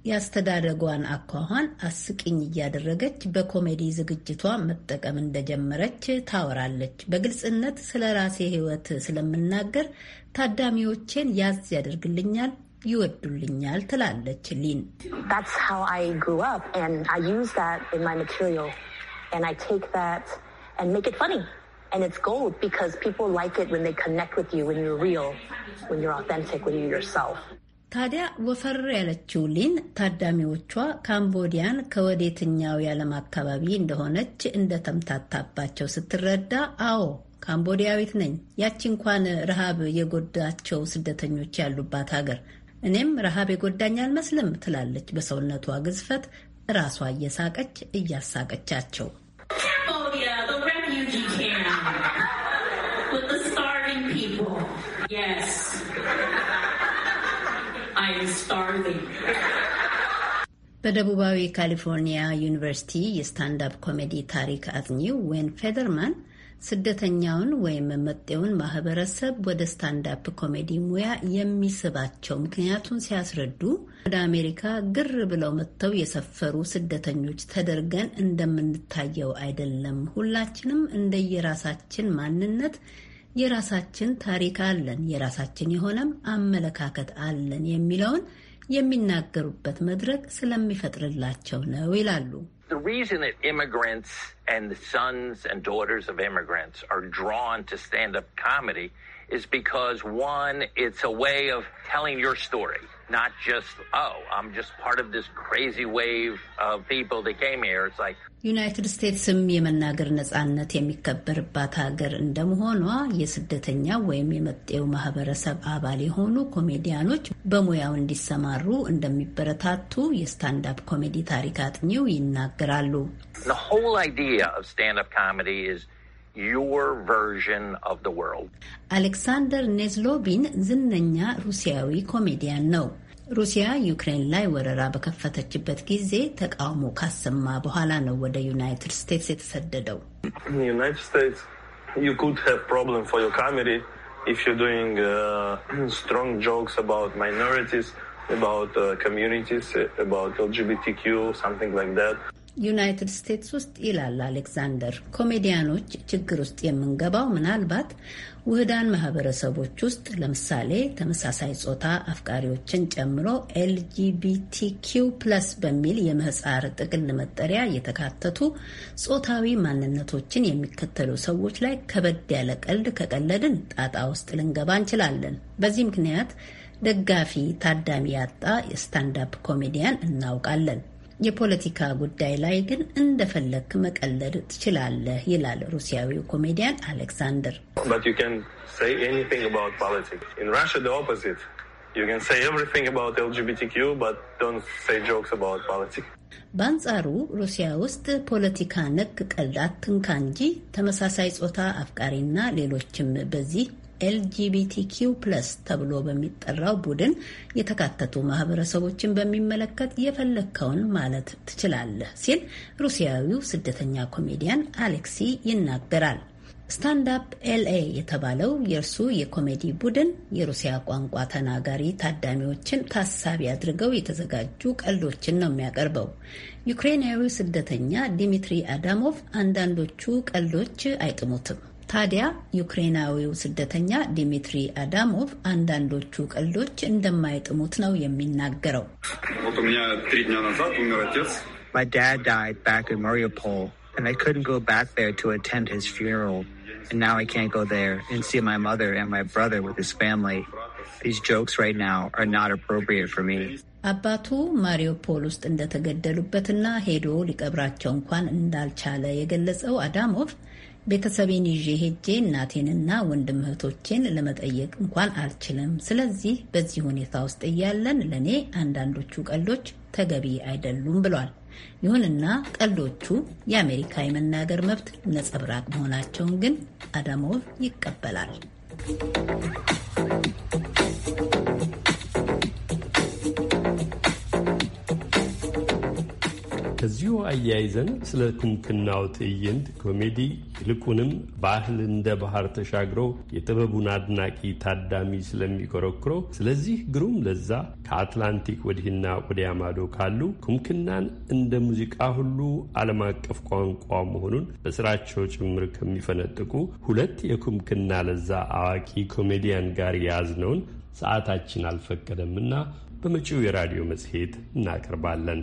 የአስተዳደጓን አኳኋን አስቂኝ እያደረገች በኮሜዲ ዝግጅቷ መጠቀም እንደጀመረች ታወራለች። በግልጽነት ስለ ራሴ ሕይወት ስለምናገር ታዳሚዎቼን ያዝ ያደርግልኛል ይወዱልኛል ትላለች ሊን። ታዲያ ወፈር ያለችው ሊን ታዳሚዎቿ ካምቦዲያን ከወዴትኛው የዓለም አካባቢ እንደሆነች እንደተምታታባቸው ስትረዳ፣ አዎ ካምቦዲያዊት ነኝ፣ ያቺ እንኳን ረሃብ የጎዳቸው ስደተኞች ያሉባት ሀገር፣ እኔም ረሃብ የጎዳኝ አልመስልም ትላለች በሰውነቷ ግዝፈት ራሷ እየሳቀች እያሳቀቻቸው በደቡባዊ ካሊፎርኒያ ዩኒቨርሲቲ የስታንዳፕ ኮሜዲ ታሪክ አጥኚው ዌን ፌደርማን ስደተኛውን ወይም መጤውን ማህበረሰብ ወደ ስታንዳፕ ኮሜዲ ሙያ የሚስባቸው ምክንያቱን ሲያስረዱ ወደ አሜሪካ ግር ብለው መጥተው የሰፈሩ ስደተኞች ተደርገን እንደምንታየው አይደለም። ሁላችንም እንደየራሳችን ማንነት የራሳችን ታሪክ አለን፣ የራሳችን የሆነም አመለካከት አለን የሚለውን የሚናገሩበት መድረክ ስለሚፈጥርላቸው ነው ይላሉ። is because one, it's a way of telling your story, not just, oh, I'm just part of this crazy wave of people that came here. It's like, ዩናይትድ ስቴትስም የመናገር ነጻነት የሚከበርባት ሀገር እንደመሆኗ የስደተኛ ወይም የመጤው ማህበረሰብ አባል የሆኑ ኮሜዲያኖች በሙያው እንዲሰማሩ እንደሚበረታቱ የስታንዳፕ ኮሜዲ ታሪክ አጥኚው ይናገራሉ። The whole idea of stand-up comedy is your version of the world. አሌክሳንደር ኔዝሎቪን ዝነኛ ሩሲያዊ ኮሜዲያን ነው። ሩሲያ ዩክሬን ላይ ወረራ በከፈተችበት ጊዜ ተቃውሞ ካሰማ በኋላ ነው ወደ ዩናይትድ ስቴትስ የተሰደደው። ዩናይትድ ስቴትስ ውስጥ ይላል አሌክዛንደር፣ ኮሜዲያኖች ችግር ውስጥ የምንገባው ምናልባት ውህዳን ማህበረሰቦች ውስጥ ለምሳሌ ተመሳሳይ ጾታ አፍቃሪዎችን ጨምሮ ኤልጂቢቲኪው ፕለስ በሚል የምህፃር ጥቅል መጠሪያ የተካተቱ ጾታዊ ማንነቶችን የሚከተሉ ሰዎች ላይ ከበድ ያለ ቀልድ ከቀለድን ጣጣ ውስጥ ልንገባ እንችላለን። በዚህ ምክንያት ደጋፊ ታዳሚ ያጣ የስታንዳፕ ኮሜዲያን እናውቃለን። የፖለቲካ ጉዳይ ላይ ግን እንደፈለክ መቀለድ ትችላለህ ይላል ሩሲያዊው ኮሜዲያን አሌክሳንደር። You can say everything about LGBTQ, but don't say jokes about politics. በአንጻሩ ሩሲያ ውስጥ ፖለቲካ ነክ ቀልድ አትንካ እንጂ ተመሳሳይ ጾታ አፍቃሪና ሌሎችም በዚህ ኤልጂቢቲኪው ፕለስ ተብሎ በሚጠራው ቡድን የተካተቱ ማህበረሰቦችን በሚመለከት የፈለግከውን ማለት ትችላለህ ሲል ሩሲያዊው ስደተኛ ኮሜዲያን አሌክሲ ይናገራል። ስታንዳፕ ኤልኤ የተባለው የእርሱ የኮሜዲ ቡድን የሩሲያ ቋንቋ ተናጋሪ ታዳሚዎችን ታሳቢ አድርገው የተዘጋጁ ቀልዶችን ነው የሚያቀርበው። ዩክሬናዊው ስደተኛ ዲሚትሪ አዳሞቭ አንዳንዶቹ ቀልዶች አይጥሙትም። ታዲያ ዩክሬናዊው ስደተኛ ዲሚትሪ አዳሞቭ አንዳንዶቹ ቀልዶች እንደማይጥሙት ነው የሚናገረው። and I couldn't go back there to attend his funeral. And now I can't go there and see my mother and my brother with his family. These jokes right now are not appropriate for me. አባቱ ማሪዮፖል ውስጥ እንደተገደሉበትና ሄዶ ሊቀብራቸው እንኳን እንዳልቻለ የገለጸው አዳሞቭ ቤተሰቤን ይዤ ሄጄ እናቴንና ወንድም እህቶቼን ለመጠየቅ እንኳን አልችልም። ስለዚህ በዚህ ሁኔታ ውስጥ እያለን ለእኔ አንዳንዶቹ ቀልዶች ተገቢ አይደሉም ብሏል። ይሁንና ቀልዶቹ የአሜሪካ የመናገር መብት ነጸብራቅ መሆናቸውን ግን አዳሞቭ ይቀበላል። ከዚሁ አያይዘን ስለ ትምክናው ትዕይንት ኮሜዲ ይልቁንም ባህል እንደ ባህር ተሻግሮ የጥበቡን አድናቂ ታዳሚ ስለሚኮረኩረው ስለዚህ ግሩም ለዛ ከአትላንቲክ ወዲህና ወዲያ ማዶ ካሉ ኩምክናን እንደ ሙዚቃ ሁሉ ዓለም አቀፍ ቋንቋ መሆኑን በስራቸው ጭምር ከሚፈነጥቁ ሁለት የኩምክና ለዛ አዋቂ ኮሜዲያን ጋር የያዝነውን ሰዓታችን አልፈቀደምና በመጪው የራዲዮ መጽሔት እናቀርባለን።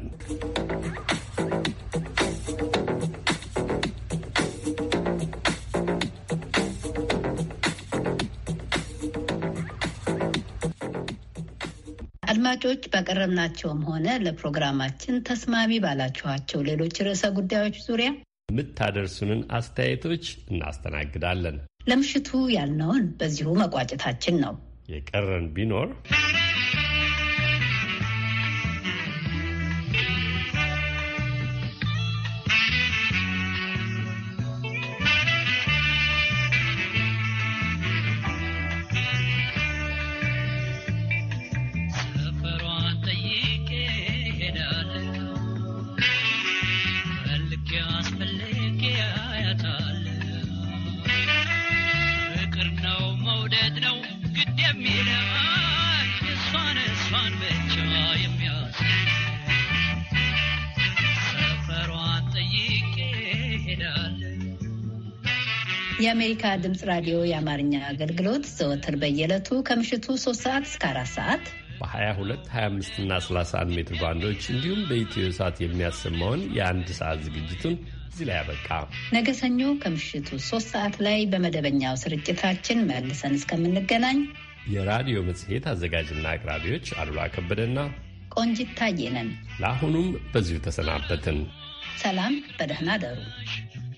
አድማጮች ባቀረብናቸውም ሆነ ለፕሮግራማችን ተስማሚ ባላችኋቸው ሌሎች ርዕሰ ጉዳዮች ዙሪያ የምታደርሱንን አስተያየቶች እናስተናግዳለን። ለምሽቱ ያልነውን በዚሁ መቋጨታችን ነው። የቀረን ቢኖር የአሜሪካ ድምፅ ራዲዮ የአማርኛ አገልግሎት ዘወትር በየዕለቱ ከምሽቱ 3 ሰዓት እስከ 4 ሰዓት በ22፣ 25 እና 31 ሜትር ባንዶች እንዲሁም በኢትዮ ሰዓት የሚያሰማውን የአንድ ሰዓት ዝግጅቱን እዚህ ላይ ያበቃ። ነገ ሰኞ ከምሽቱ 3 ሰዓት ላይ በመደበኛው ስርጭታችን መልሰን እስከምንገናኝ የራዲዮ መጽሔት አዘጋጅና አቅራቢዎች አሉላ ከበደና ቆንጂት ታየነን ለአሁኑም በዚሁ ተሰናበትን። ሰላም፣ በደህና ደሩ።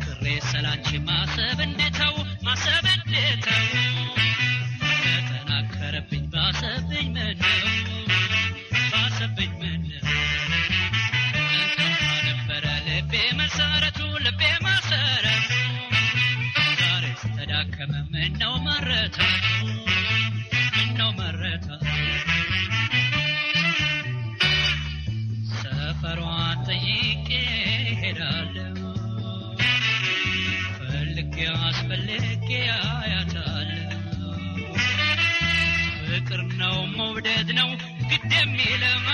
ሞክሬ ሰላንቺ ማሰብ እንዴተው ማሰብ እንዴተው ተጠናከረብኝ ባሰብኝ ምን ባሰብኝ ምን ነበረ ልቤ መሰረቱ ልቤ መሰረቱ ዛሬ ስተዳከመ ምን ነው መረተው? ፍቅር ነው መውደድ ነው ግድ የሚለም